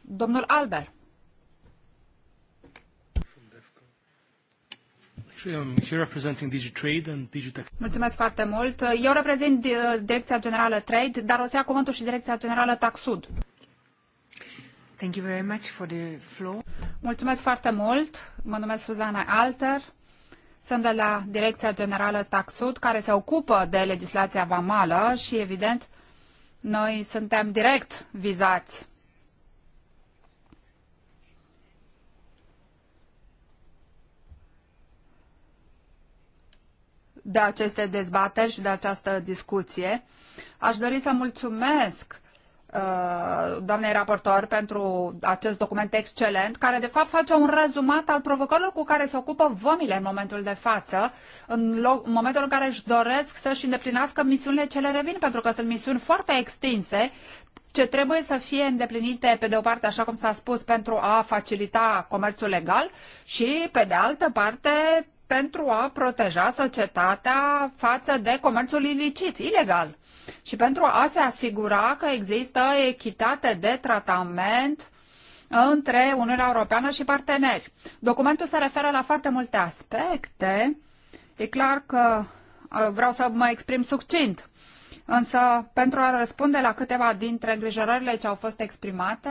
Domnul Albert. Mulțumesc foarte mult. Eu reprezint Direcția Generală Trade, dar o să ia cuvântul și Direcția Generală Taxud. Thank you very much for the floor. Mulțumesc foarte mult. Mă numesc Suzana Alter. Sunt de la Direcția Generală Taxud, care se ocupă de legislația vamală și, evident, noi suntem direct vizați de aceste dezbateri și de această discuție. Aș dori să mulțumesc Uh, doamnei raportor pentru acest document excelent, care de fapt face un rezumat al provocărilor cu care se ocupă vămile în momentul de față, în, loc, în momentul în care își doresc să-și îndeplinească misiunile ce le revin, pentru că sunt misiuni foarte extinse ce trebuie să fie îndeplinite, pe de o parte, așa cum s-a spus, pentru a facilita comerțul legal și, pe de altă parte, pentru a proteja societatea față de comerțul ilicit, ilegal și pentru a se asigura că există echitate de tratament între Uniunea Europeană și parteneri. Documentul se referă la foarte multe aspecte. E clar că uh, vreau să mă exprim succint. Însă, pentru a răspunde la câteva dintre îngrijorările ce au fost exprimate,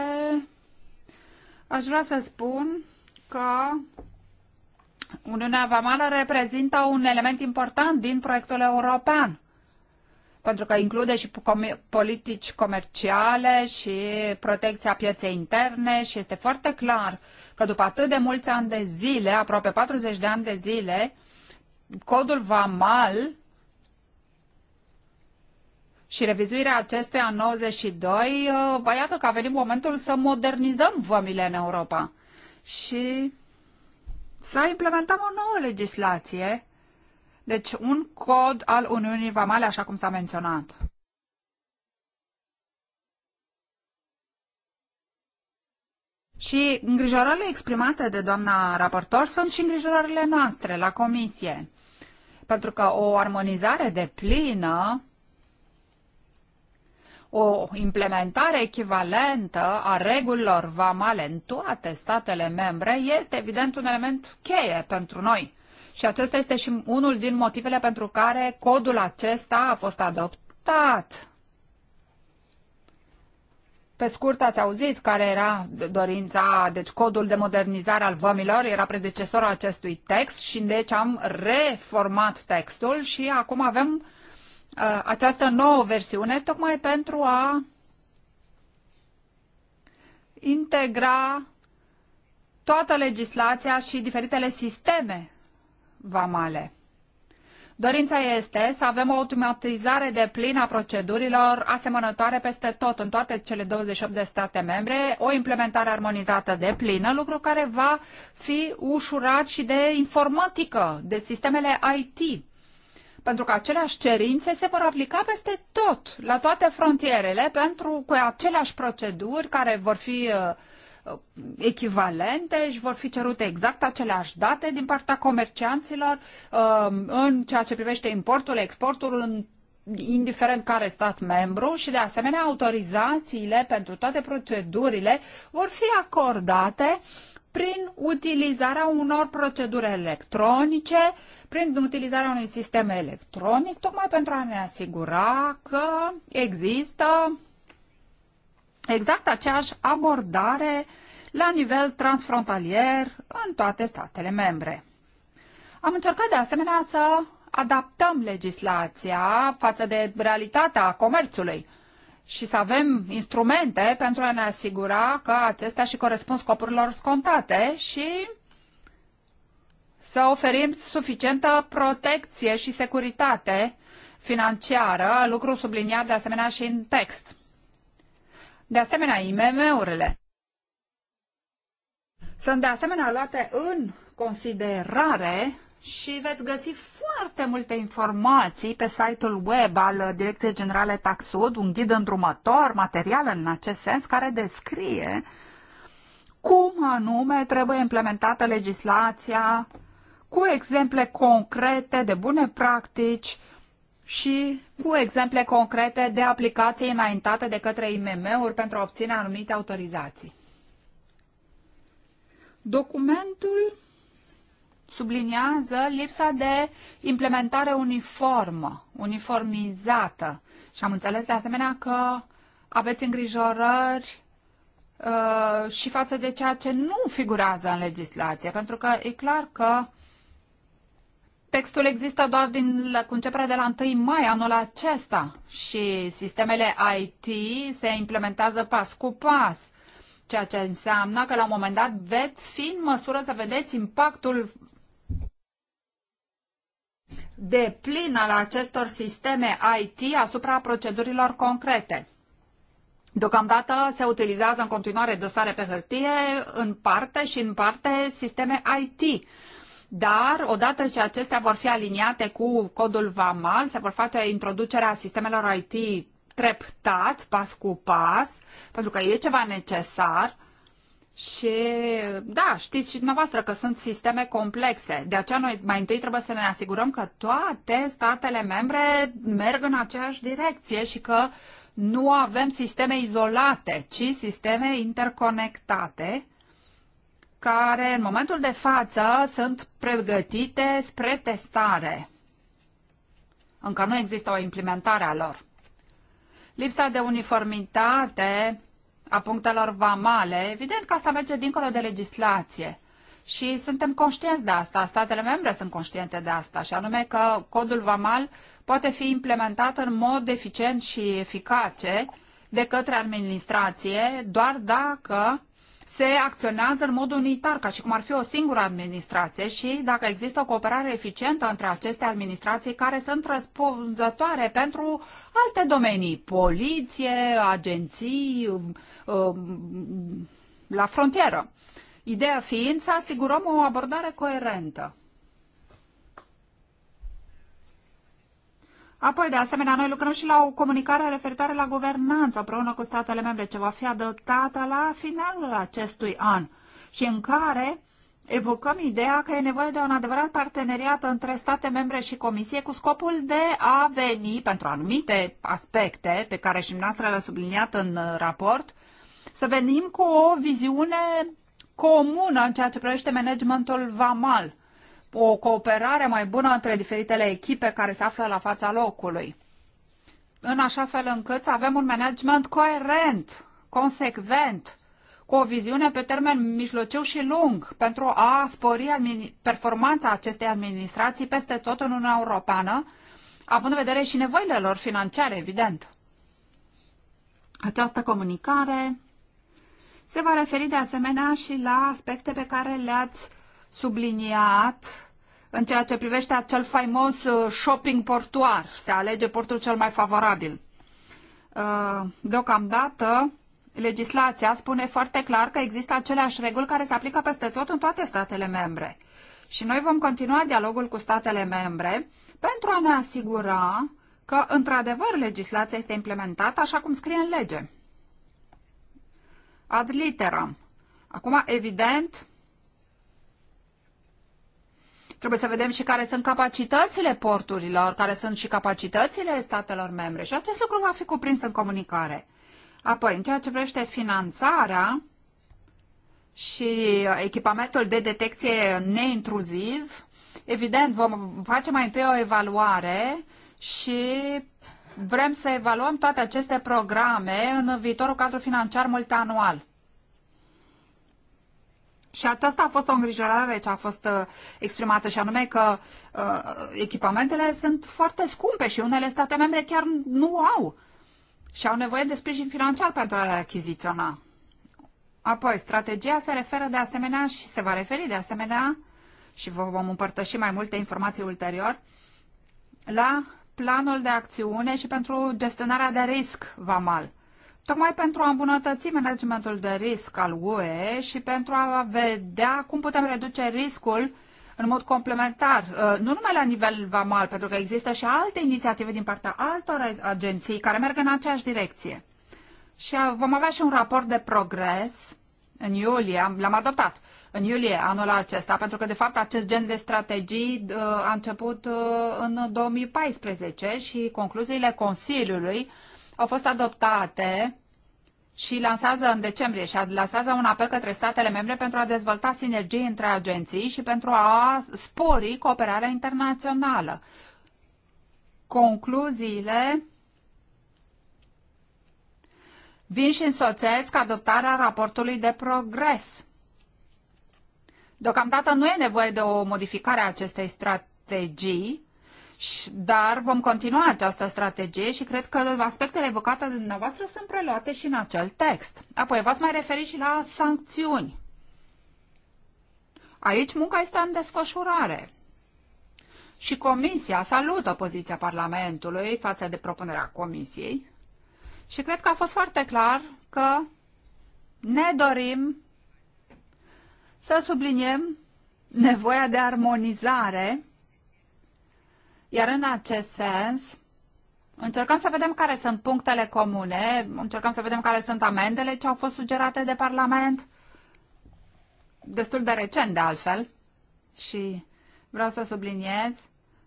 aș vrea să spun că Uniunea Vamală reprezintă un element important din proiectul european, pentru că include și politici comerciale și protecția pieței interne și este foarte clar că după atât de mulți ani de zile, aproape 40 de ani de zile, codul Vamal și revizuirea acestuia în 92, bă, uh, iată că a venit momentul să modernizăm vămile în Europa. Și să implementăm o nouă legislație, deci un cod al Uniunii Vamale, așa cum s-a menționat. Și îngrijorările exprimate de doamna raportor sunt și îngrijorările noastre la comisie. Pentru că o armonizare de plină o implementare echivalentă a regulilor vamale în toate statele membre este evident un element cheie pentru noi. Și acesta este și unul din motivele pentru care codul acesta a fost adoptat. Pe scurt, ați auzit care era dorința, deci codul de modernizare al vămilor era predecesorul acestui text și deci am reformat textul și acum avem Uh, această nouă versiune tocmai pentru a integra toată legislația și diferitele sisteme vamale. Dorința este să avem o automatizare de plină a procedurilor asemănătoare peste tot, în toate cele 28 de state membre, o implementare armonizată de plină, lucru care va fi ușurat și de informatică, de sistemele IT pentru că aceleași cerințe se vor aplica peste tot, la toate frontierele, pentru că aceleași proceduri care vor fi uh, uh, echivalente și vor fi cerute exact aceleași date din partea comercianților uh, în ceea ce privește importul, exportul în indiferent care stat membru și de asemenea autorizațiile pentru toate procedurile vor fi acordate prin utilizarea unor proceduri electronice, prin utilizarea unui sistem electronic, tocmai pentru a ne asigura că există exact aceeași abordare la nivel transfrontalier în toate statele membre. Am încercat de asemenea să adaptăm legislația față de realitatea comerțului și să avem instrumente pentru a ne asigura că acestea și corespund scopurilor scontate și să oferim suficientă protecție și securitate financiară, lucru subliniat de asemenea și în text. De asemenea, IMM-urile sunt de asemenea luate în considerare și veți găsi foarte multe informații pe site-ul web al Direcției Generale Taxud, un ghid îndrumător, material în acest sens, care descrie cum anume trebuie implementată legislația cu exemple concrete de bune practici și cu exemple concrete de aplicații înaintate de către IMM-uri pentru a obține anumite autorizații. Documentul subliniază lipsa de implementare uniformă, uniformizată. Și am înțeles de asemenea că aveți îngrijorări uh, și față de ceea ce nu figurează în legislație, pentru că e clar că textul există doar din, cu începerea de la 1 mai anul acesta și sistemele IT se implementează pas cu pas ceea ce înseamnă că la un moment dat veți fi în măsură să vedeți impactul de plin al acestor sisteme IT asupra procedurilor concrete. Deocamdată se utilizează în continuare dosare pe hârtie, în parte și în parte sisteme IT. Dar, odată ce acestea vor fi aliniate cu codul VAMAL, se vor face introducerea sistemelor IT treptat, pas cu pas, pentru că e ceva necesar și da, știți și dumneavoastră că sunt sisteme complexe. De aceea noi mai întâi trebuie să ne asigurăm că toate statele membre merg în aceeași direcție și că nu avem sisteme izolate, ci sisteme interconectate care în momentul de față sunt pregătite spre testare. Încă nu există o implementare a lor. Lipsa de uniformitate a punctelor vamale, evident că asta merge dincolo de legislație. Și suntem conștienți de asta, statele membre sunt conștiente de asta, și anume că codul vamal poate fi implementat în mod eficient și eficace de către administrație doar dacă se acționează în mod unitar, ca și cum ar fi o singură administrație și dacă există o cooperare eficientă între aceste administrații care sunt răspunzătoare pentru alte domenii, poliție, agenții, um, la frontieră. Ideea fiind să asigurăm o abordare coerentă. Apoi, de asemenea, noi lucrăm și la o comunicare referitoare la guvernanță împreună cu statele membre, ce va fi adoptată la finalul acestui an și în care evocăm ideea că e nevoie de un adevărat parteneriat între state membre și comisie cu scopul de a veni, pentru anumite aspecte pe care și noastră le-a subliniat în raport, să venim cu o viziune comună în ceea ce privește managementul VAMAL o cooperare mai bună între diferitele echipe care se află la fața locului. În așa fel încât să avem un management coerent, consecvent, cu o viziune pe termen mijlociu și lung pentru a spori performanța acestei administrații peste tot în Uniunea Europeană, având în vedere și nevoile lor financiare, evident. Această comunicare se va referi de asemenea și la aspecte pe care le-ați subliniat în ceea ce privește acel faimos uh, shopping portuar. Se alege portul cel mai favorabil. Uh, deocamdată, legislația spune foarte clar că există aceleași reguli care se aplică peste tot în toate statele membre. Și noi vom continua dialogul cu statele membre pentru a ne asigura că, într-adevăr, legislația este implementată așa cum scrie în lege. Ad literam. Acum, evident, Trebuie să vedem și care sunt capacitățile porturilor, care sunt și capacitățile statelor membre și acest lucru va fi cuprins în comunicare. Apoi, în ceea ce privește finanțarea și echipamentul de detecție neintruziv, evident, vom face mai întâi o evaluare și vrem să evaluăm toate aceste programe în viitorul cadru financiar multianual. Și aceasta a fost o îngrijorare ce a fost uh, exprimată și anume că uh, echipamentele sunt foarte scumpe și unele state membre chiar nu au și au nevoie de sprijin financiar pentru a le achiziționa. Apoi, strategia se referă de asemenea și se va referi de asemenea și vă vom împărtăși mai multe informații ulterior la planul de acțiune și pentru gestionarea de risc vamal tocmai pentru a îmbunătăți managementul de risc al UE și pentru a vedea cum putem reduce riscul în mod complementar, uh, nu numai la nivel vamal, pentru că există și alte inițiative din partea altor agenții care merg în aceeași direcție. Și uh, vom avea și un raport de progres în iulie, l-am adoptat în iulie anul acesta, pentru că de fapt acest gen de strategii uh, a început în 2014 și concluziile Consiliului au fost adoptate și lansează în decembrie și lansează un apel către statele membre pentru a dezvolta sinergii între agenții și pentru a spori cooperarea internațională. Concluziile vin și însoțesc adoptarea raportului de progres. Deocamdată nu e nevoie de o modificare a acestei strategii, dar vom continua această strategie și cred că aspectele evocate de dumneavoastră sunt preluate și în acel text. Apoi v-ați mai referit și la sancțiuni. Aici munca este în desfășurare. Și Comisia salută poziția Parlamentului față de propunerea Comisiei și cred că a fost foarte clar că ne dorim să subliniem nevoia de armonizare iar în acest sens, încercăm să vedem care sunt punctele comune, încercăm să vedem care sunt amendele ce au fost sugerate de Parlament, destul de recent de altfel, și vreau să subliniez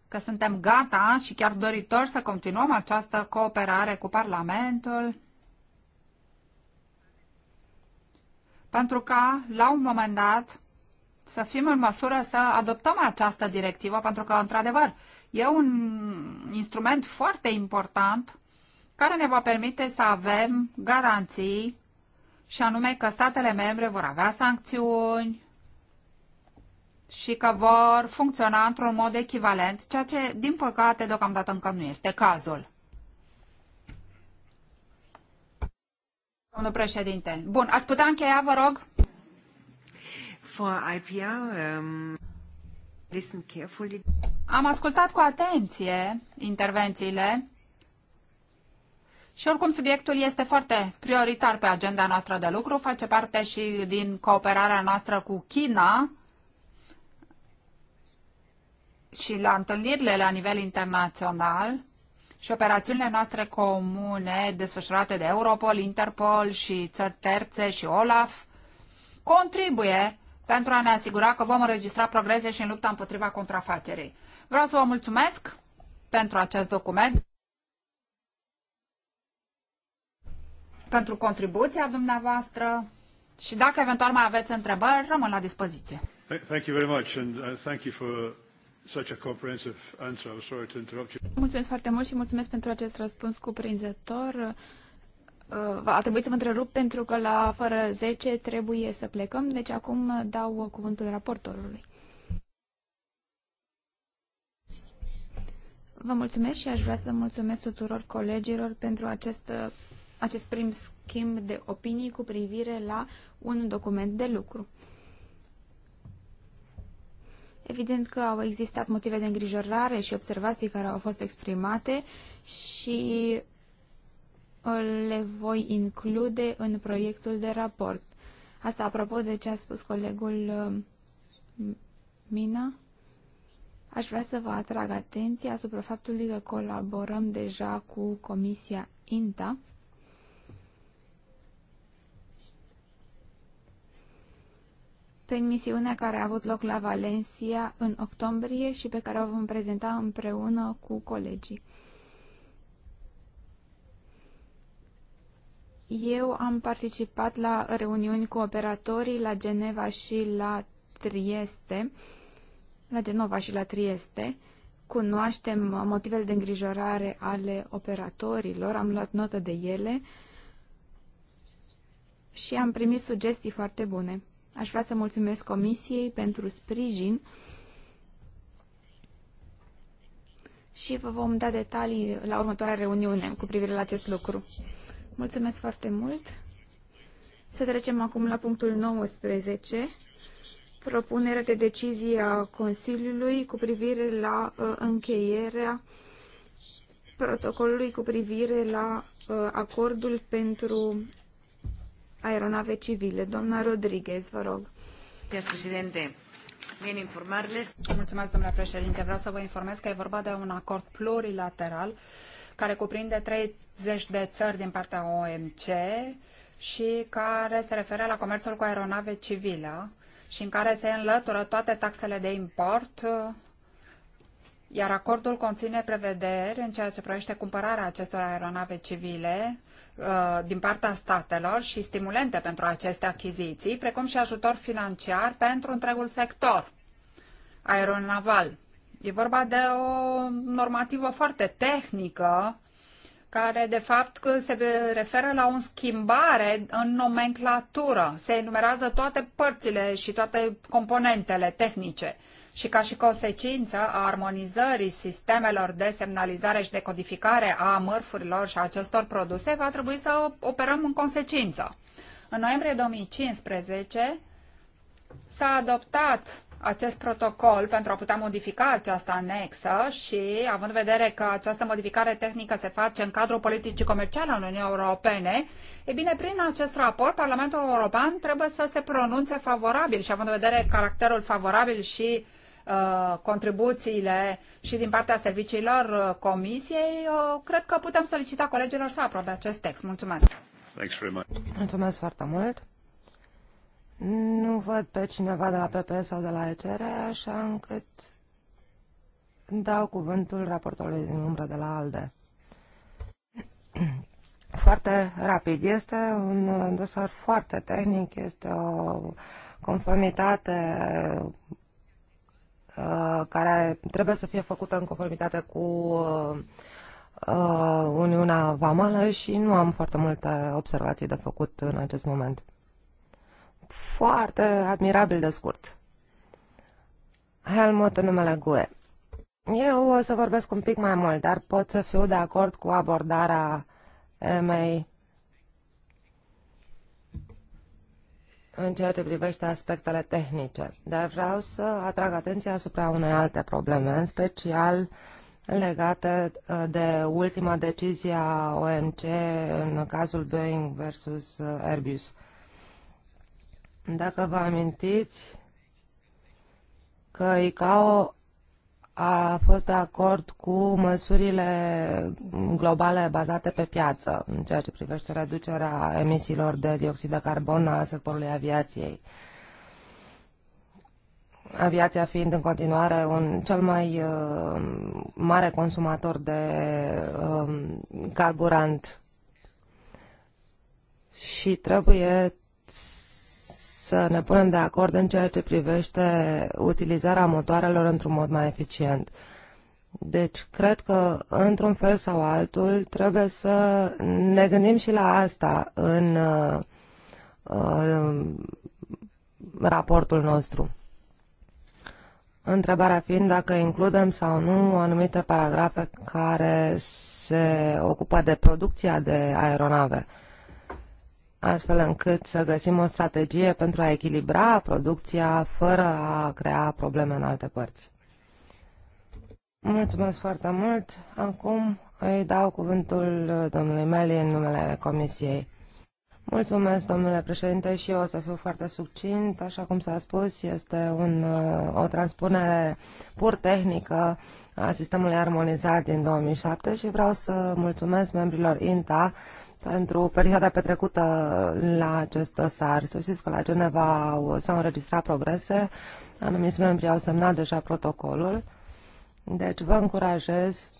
că suntem gata și chiar doritori să continuăm această cooperare cu Parlamentul. Pentru ca, la un moment dat, să fim în măsură să adoptăm această directivă, pentru că, într-adevăr, E un instrument foarte important care ne va permite să avem garanții și anume că statele membre vor avea sancțiuni și că vor funcționa într-un mod echivalent, ceea ce, din păcate, deocamdată încă nu este cazul. Domnul președinte. Bun, ați putea încheia, vă rog? For IPR, um, listen carefully. Am ascultat cu atenție intervențiile și oricum subiectul este foarte prioritar pe agenda noastră de lucru, face parte și din cooperarea noastră cu China și la întâlnirile la nivel internațional și operațiunile noastre comune desfășurate de Europol, Interpol și țări terțe și OLAF contribuie pentru a ne asigura că vom înregistra progrese și în lupta împotriva contrafacerii. Vreau să vă mulțumesc pentru acest document, pentru contribuția dumneavoastră și dacă eventual mai aveți întrebări, rămân la dispoziție. Thank you very much and uh, thank you for such a comprehensive answer. I'm sorry to interrupt you. Mulțumesc foarte mult și mulțumesc pentru acest răspuns cuprinzător. Uh, a trebuit să vă întrerup pentru că la fără 10 trebuie să plecăm, deci acum dau cuvântul raportorului. Vă mulțumesc și aș vrea să mulțumesc tuturor colegilor pentru acest, uh, acest prim schimb de opinii cu privire la un document de lucru. Evident că au existat motive de îngrijorare și observații care au fost exprimate și le voi include în proiectul de raport. Asta apropo de ce a spus colegul uh, Mina. Aș vrea să vă atrag atenția asupra faptului că colaborăm deja cu Comisia INTA. Pe misiunea care a avut loc la Valencia în octombrie și pe care o vom prezenta împreună cu colegii. Eu am participat la reuniuni cu operatorii la Geneva și la Trieste, la Genova și la Trieste. Cunoaștem motivele de îngrijorare ale operatorilor, am luat notă de ele și am primit sugestii foarte bune. Aș vrea să mulțumesc Comisiei pentru sprijin și vă vom da detalii la următoarea reuniune cu privire la acest lucru. Mulțumesc foarte mult. Să trecem acum la punctul 19, Propunerea de decizie a Consiliului cu privire la uh, încheierea protocolului cu privire la uh, acordul pentru aeronave civile. Doamna Rodriguez, vă rog. președinte. Mulțumesc, domnule președinte. Vreau să vă informez că e vorba de un acord plurilateral care cuprinde 30 de țări din partea OMC și care se referă la comerțul cu aeronave civile și în care se înlătură toate taxele de import, iar acordul conține prevederi în ceea ce privește cumpărarea acestor aeronave civile uh, din partea statelor și stimulente pentru aceste achiziții, precum și ajutor financiar pentru întregul sector aeronaval. E vorba de o normativă foarte tehnică care de fapt se referă la o schimbare în nomenclatură. Se enumerează toate părțile și toate componentele tehnice și ca și consecință a armonizării sistemelor de semnalizare și de codificare a mărfurilor și a acestor produse, va trebui să operăm în consecință. În noiembrie 2015 s-a adoptat acest protocol pentru a putea modifica această anexă și, având în vedere că această modificare tehnică se face în cadrul politicii comerciale al Uniunii Europene, e bine, prin acest raport, Parlamentul European trebuie să se pronunțe favorabil și, având în vedere caracterul favorabil și uh, contribuțiile și din partea serviciilor uh, Comisiei, eu uh, cred că putem solicita colegilor să aprobe acest text. Mulțumesc! Mulțumesc foarte mult! văd pe cineva de la PP sau de la ECR, așa încât dau cuvântul raportorului din umbră de la ALDE. Foarte rapid. Este un dosar foarte tehnic, este o conformitate uh, care trebuie să fie făcută în conformitate cu uh, uh, Uniunea Vamală și nu am foarte multe observații de făcut în acest moment foarte admirabil de scurt. Helmut în numele GUE. Eu o să vorbesc un pic mai mult, dar pot să fiu de acord cu abordarea Emei în ceea ce privește aspectele tehnice, dar vreau să atrag atenția asupra unei alte probleme, în special legate uh, de ultima decizie a OMC în cazul Boeing versus uh, Airbus. Dacă vă amintiți că ICAO a fost de acord cu măsurile globale bazate pe piață în ceea ce privește reducerea emisiilor de dioxid de carbon a sectorului aviației. Aviația fiind în continuare un cel mai uh, mare consumator de uh, carburant și trebuie să ne punem de acord în ceea ce privește utilizarea motoarelor într-un mod mai eficient. Deci, cred că, într-un fel sau altul, trebuie să ne gândim și la asta în uh, uh, raportul nostru. Întrebarea fiind dacă includem sau nu anumite paragrafe care se ocupă de producția de aeronave astfel încât să găsim o strategie pentru a echilibra producția fără a crea probleme în alte părți. Mulțumesc foarte mult. Acum îi dau cuvântul domnului Meli în numele Comisiei. Mulțumesc, domnule președinte, și eu o să fiu foarte succint. Așa cum s-a spus, este un, o transpunere pur tehnică a sistemului armonizat din 2007 și vreau să mulțumesc membrilor INTA pentru perioada petrecută la acest dosar. Să știți că la Geneva s-au înregistrat progrese, anumiți membri au semnat deja protocolul, deci vă încurajez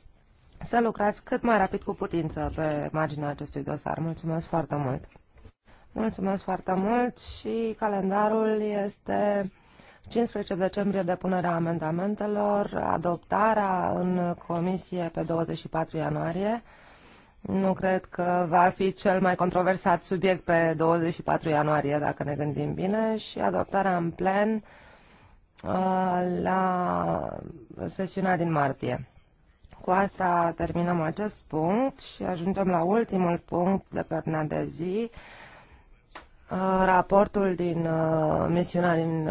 să lucrați cât mai rapid cu putință pe marginea acestui dosar. Mulțumesc foarte mult! Mulțumesc foarte mult și calendarul este 15 decembrie depunerea amendamentelor, adoptarea în comisie pe 24 ianuarie, nu cred că va fi cel mai controversat subiect pe 24 ianuarie, dacă ne gândim bine, și adoptarea în plen uh, la sesiunea din martie. Cu asta terminăm acest punct și ajungem la ultimul punct de pe ordinea de zi, uh, raportul din uh, misiunea din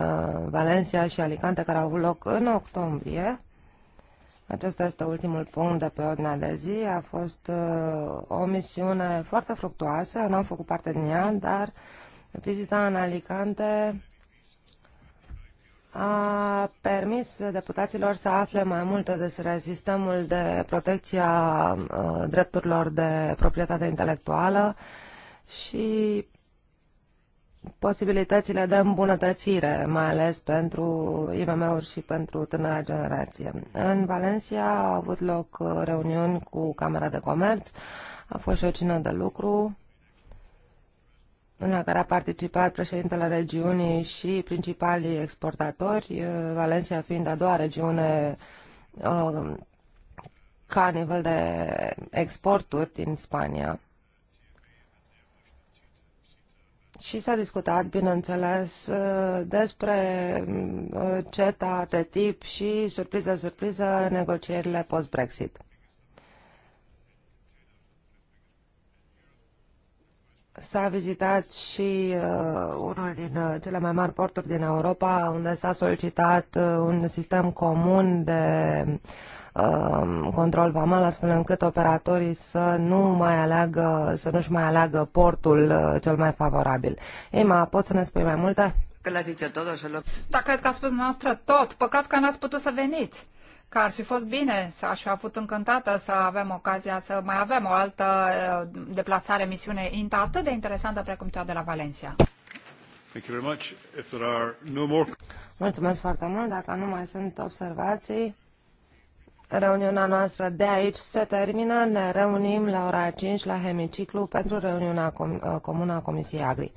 Valencia și Alicante care a avut loc în octombrie acesta este ultimul punct de pe ordinea de zi. A fost uh, o misiune foarte fructuoasă, nu am făcut parte din ea, dar vizita în Alicante a permis deputaților să afle mai multe despre sistemul de protecție a uh, drepturilor de proprietate intelectuală și posibilitățile de îmbunătățire, mai ales pentru IMM-uri și pentru tânăra generație. În Valencia au avut loc uh, reuniuni cu Camera de Comerț, a fost și o cină de lucru la care a participat președintele regiunii și principalii exportatori, uh, Valencia fiind a doua regiune uh, ca nivel de exporturi din Spania. și s-a discutat, bineînțeles, despre uh, CETA, TTIP și, surpriză, surpriză, negocierile post-Brexit. s-a vizitat și uh, unul din uh, cele mai mari porturi din Europa, unde s-a solicitat uh, un sistem comun de uh, control vamal, astfel încât operatorii să nu mai aleagă, să nu-și mai aleagă portul uh, cel mai favorabil. Ema, poți să ne spui mai multe? Că le zice tot, așa Da, cred că a spus noastră tot. Păcat că n-ați putut să veniți că ar fi fost bine, aș fi avut încântată să avem ocazia să mai avem o altă uh, deplasare, misiune INTA atât de interesantă precum cea de la Valencia. Thank you very much. If there are no more... Mulțumesc foarte mult. Dacă nu mai sunt observații, reuniunea noastră de aici se termină. Ne reunim la ora 5 la hemiciclu pentru reuniunea uh, comună a Comisiei Agri.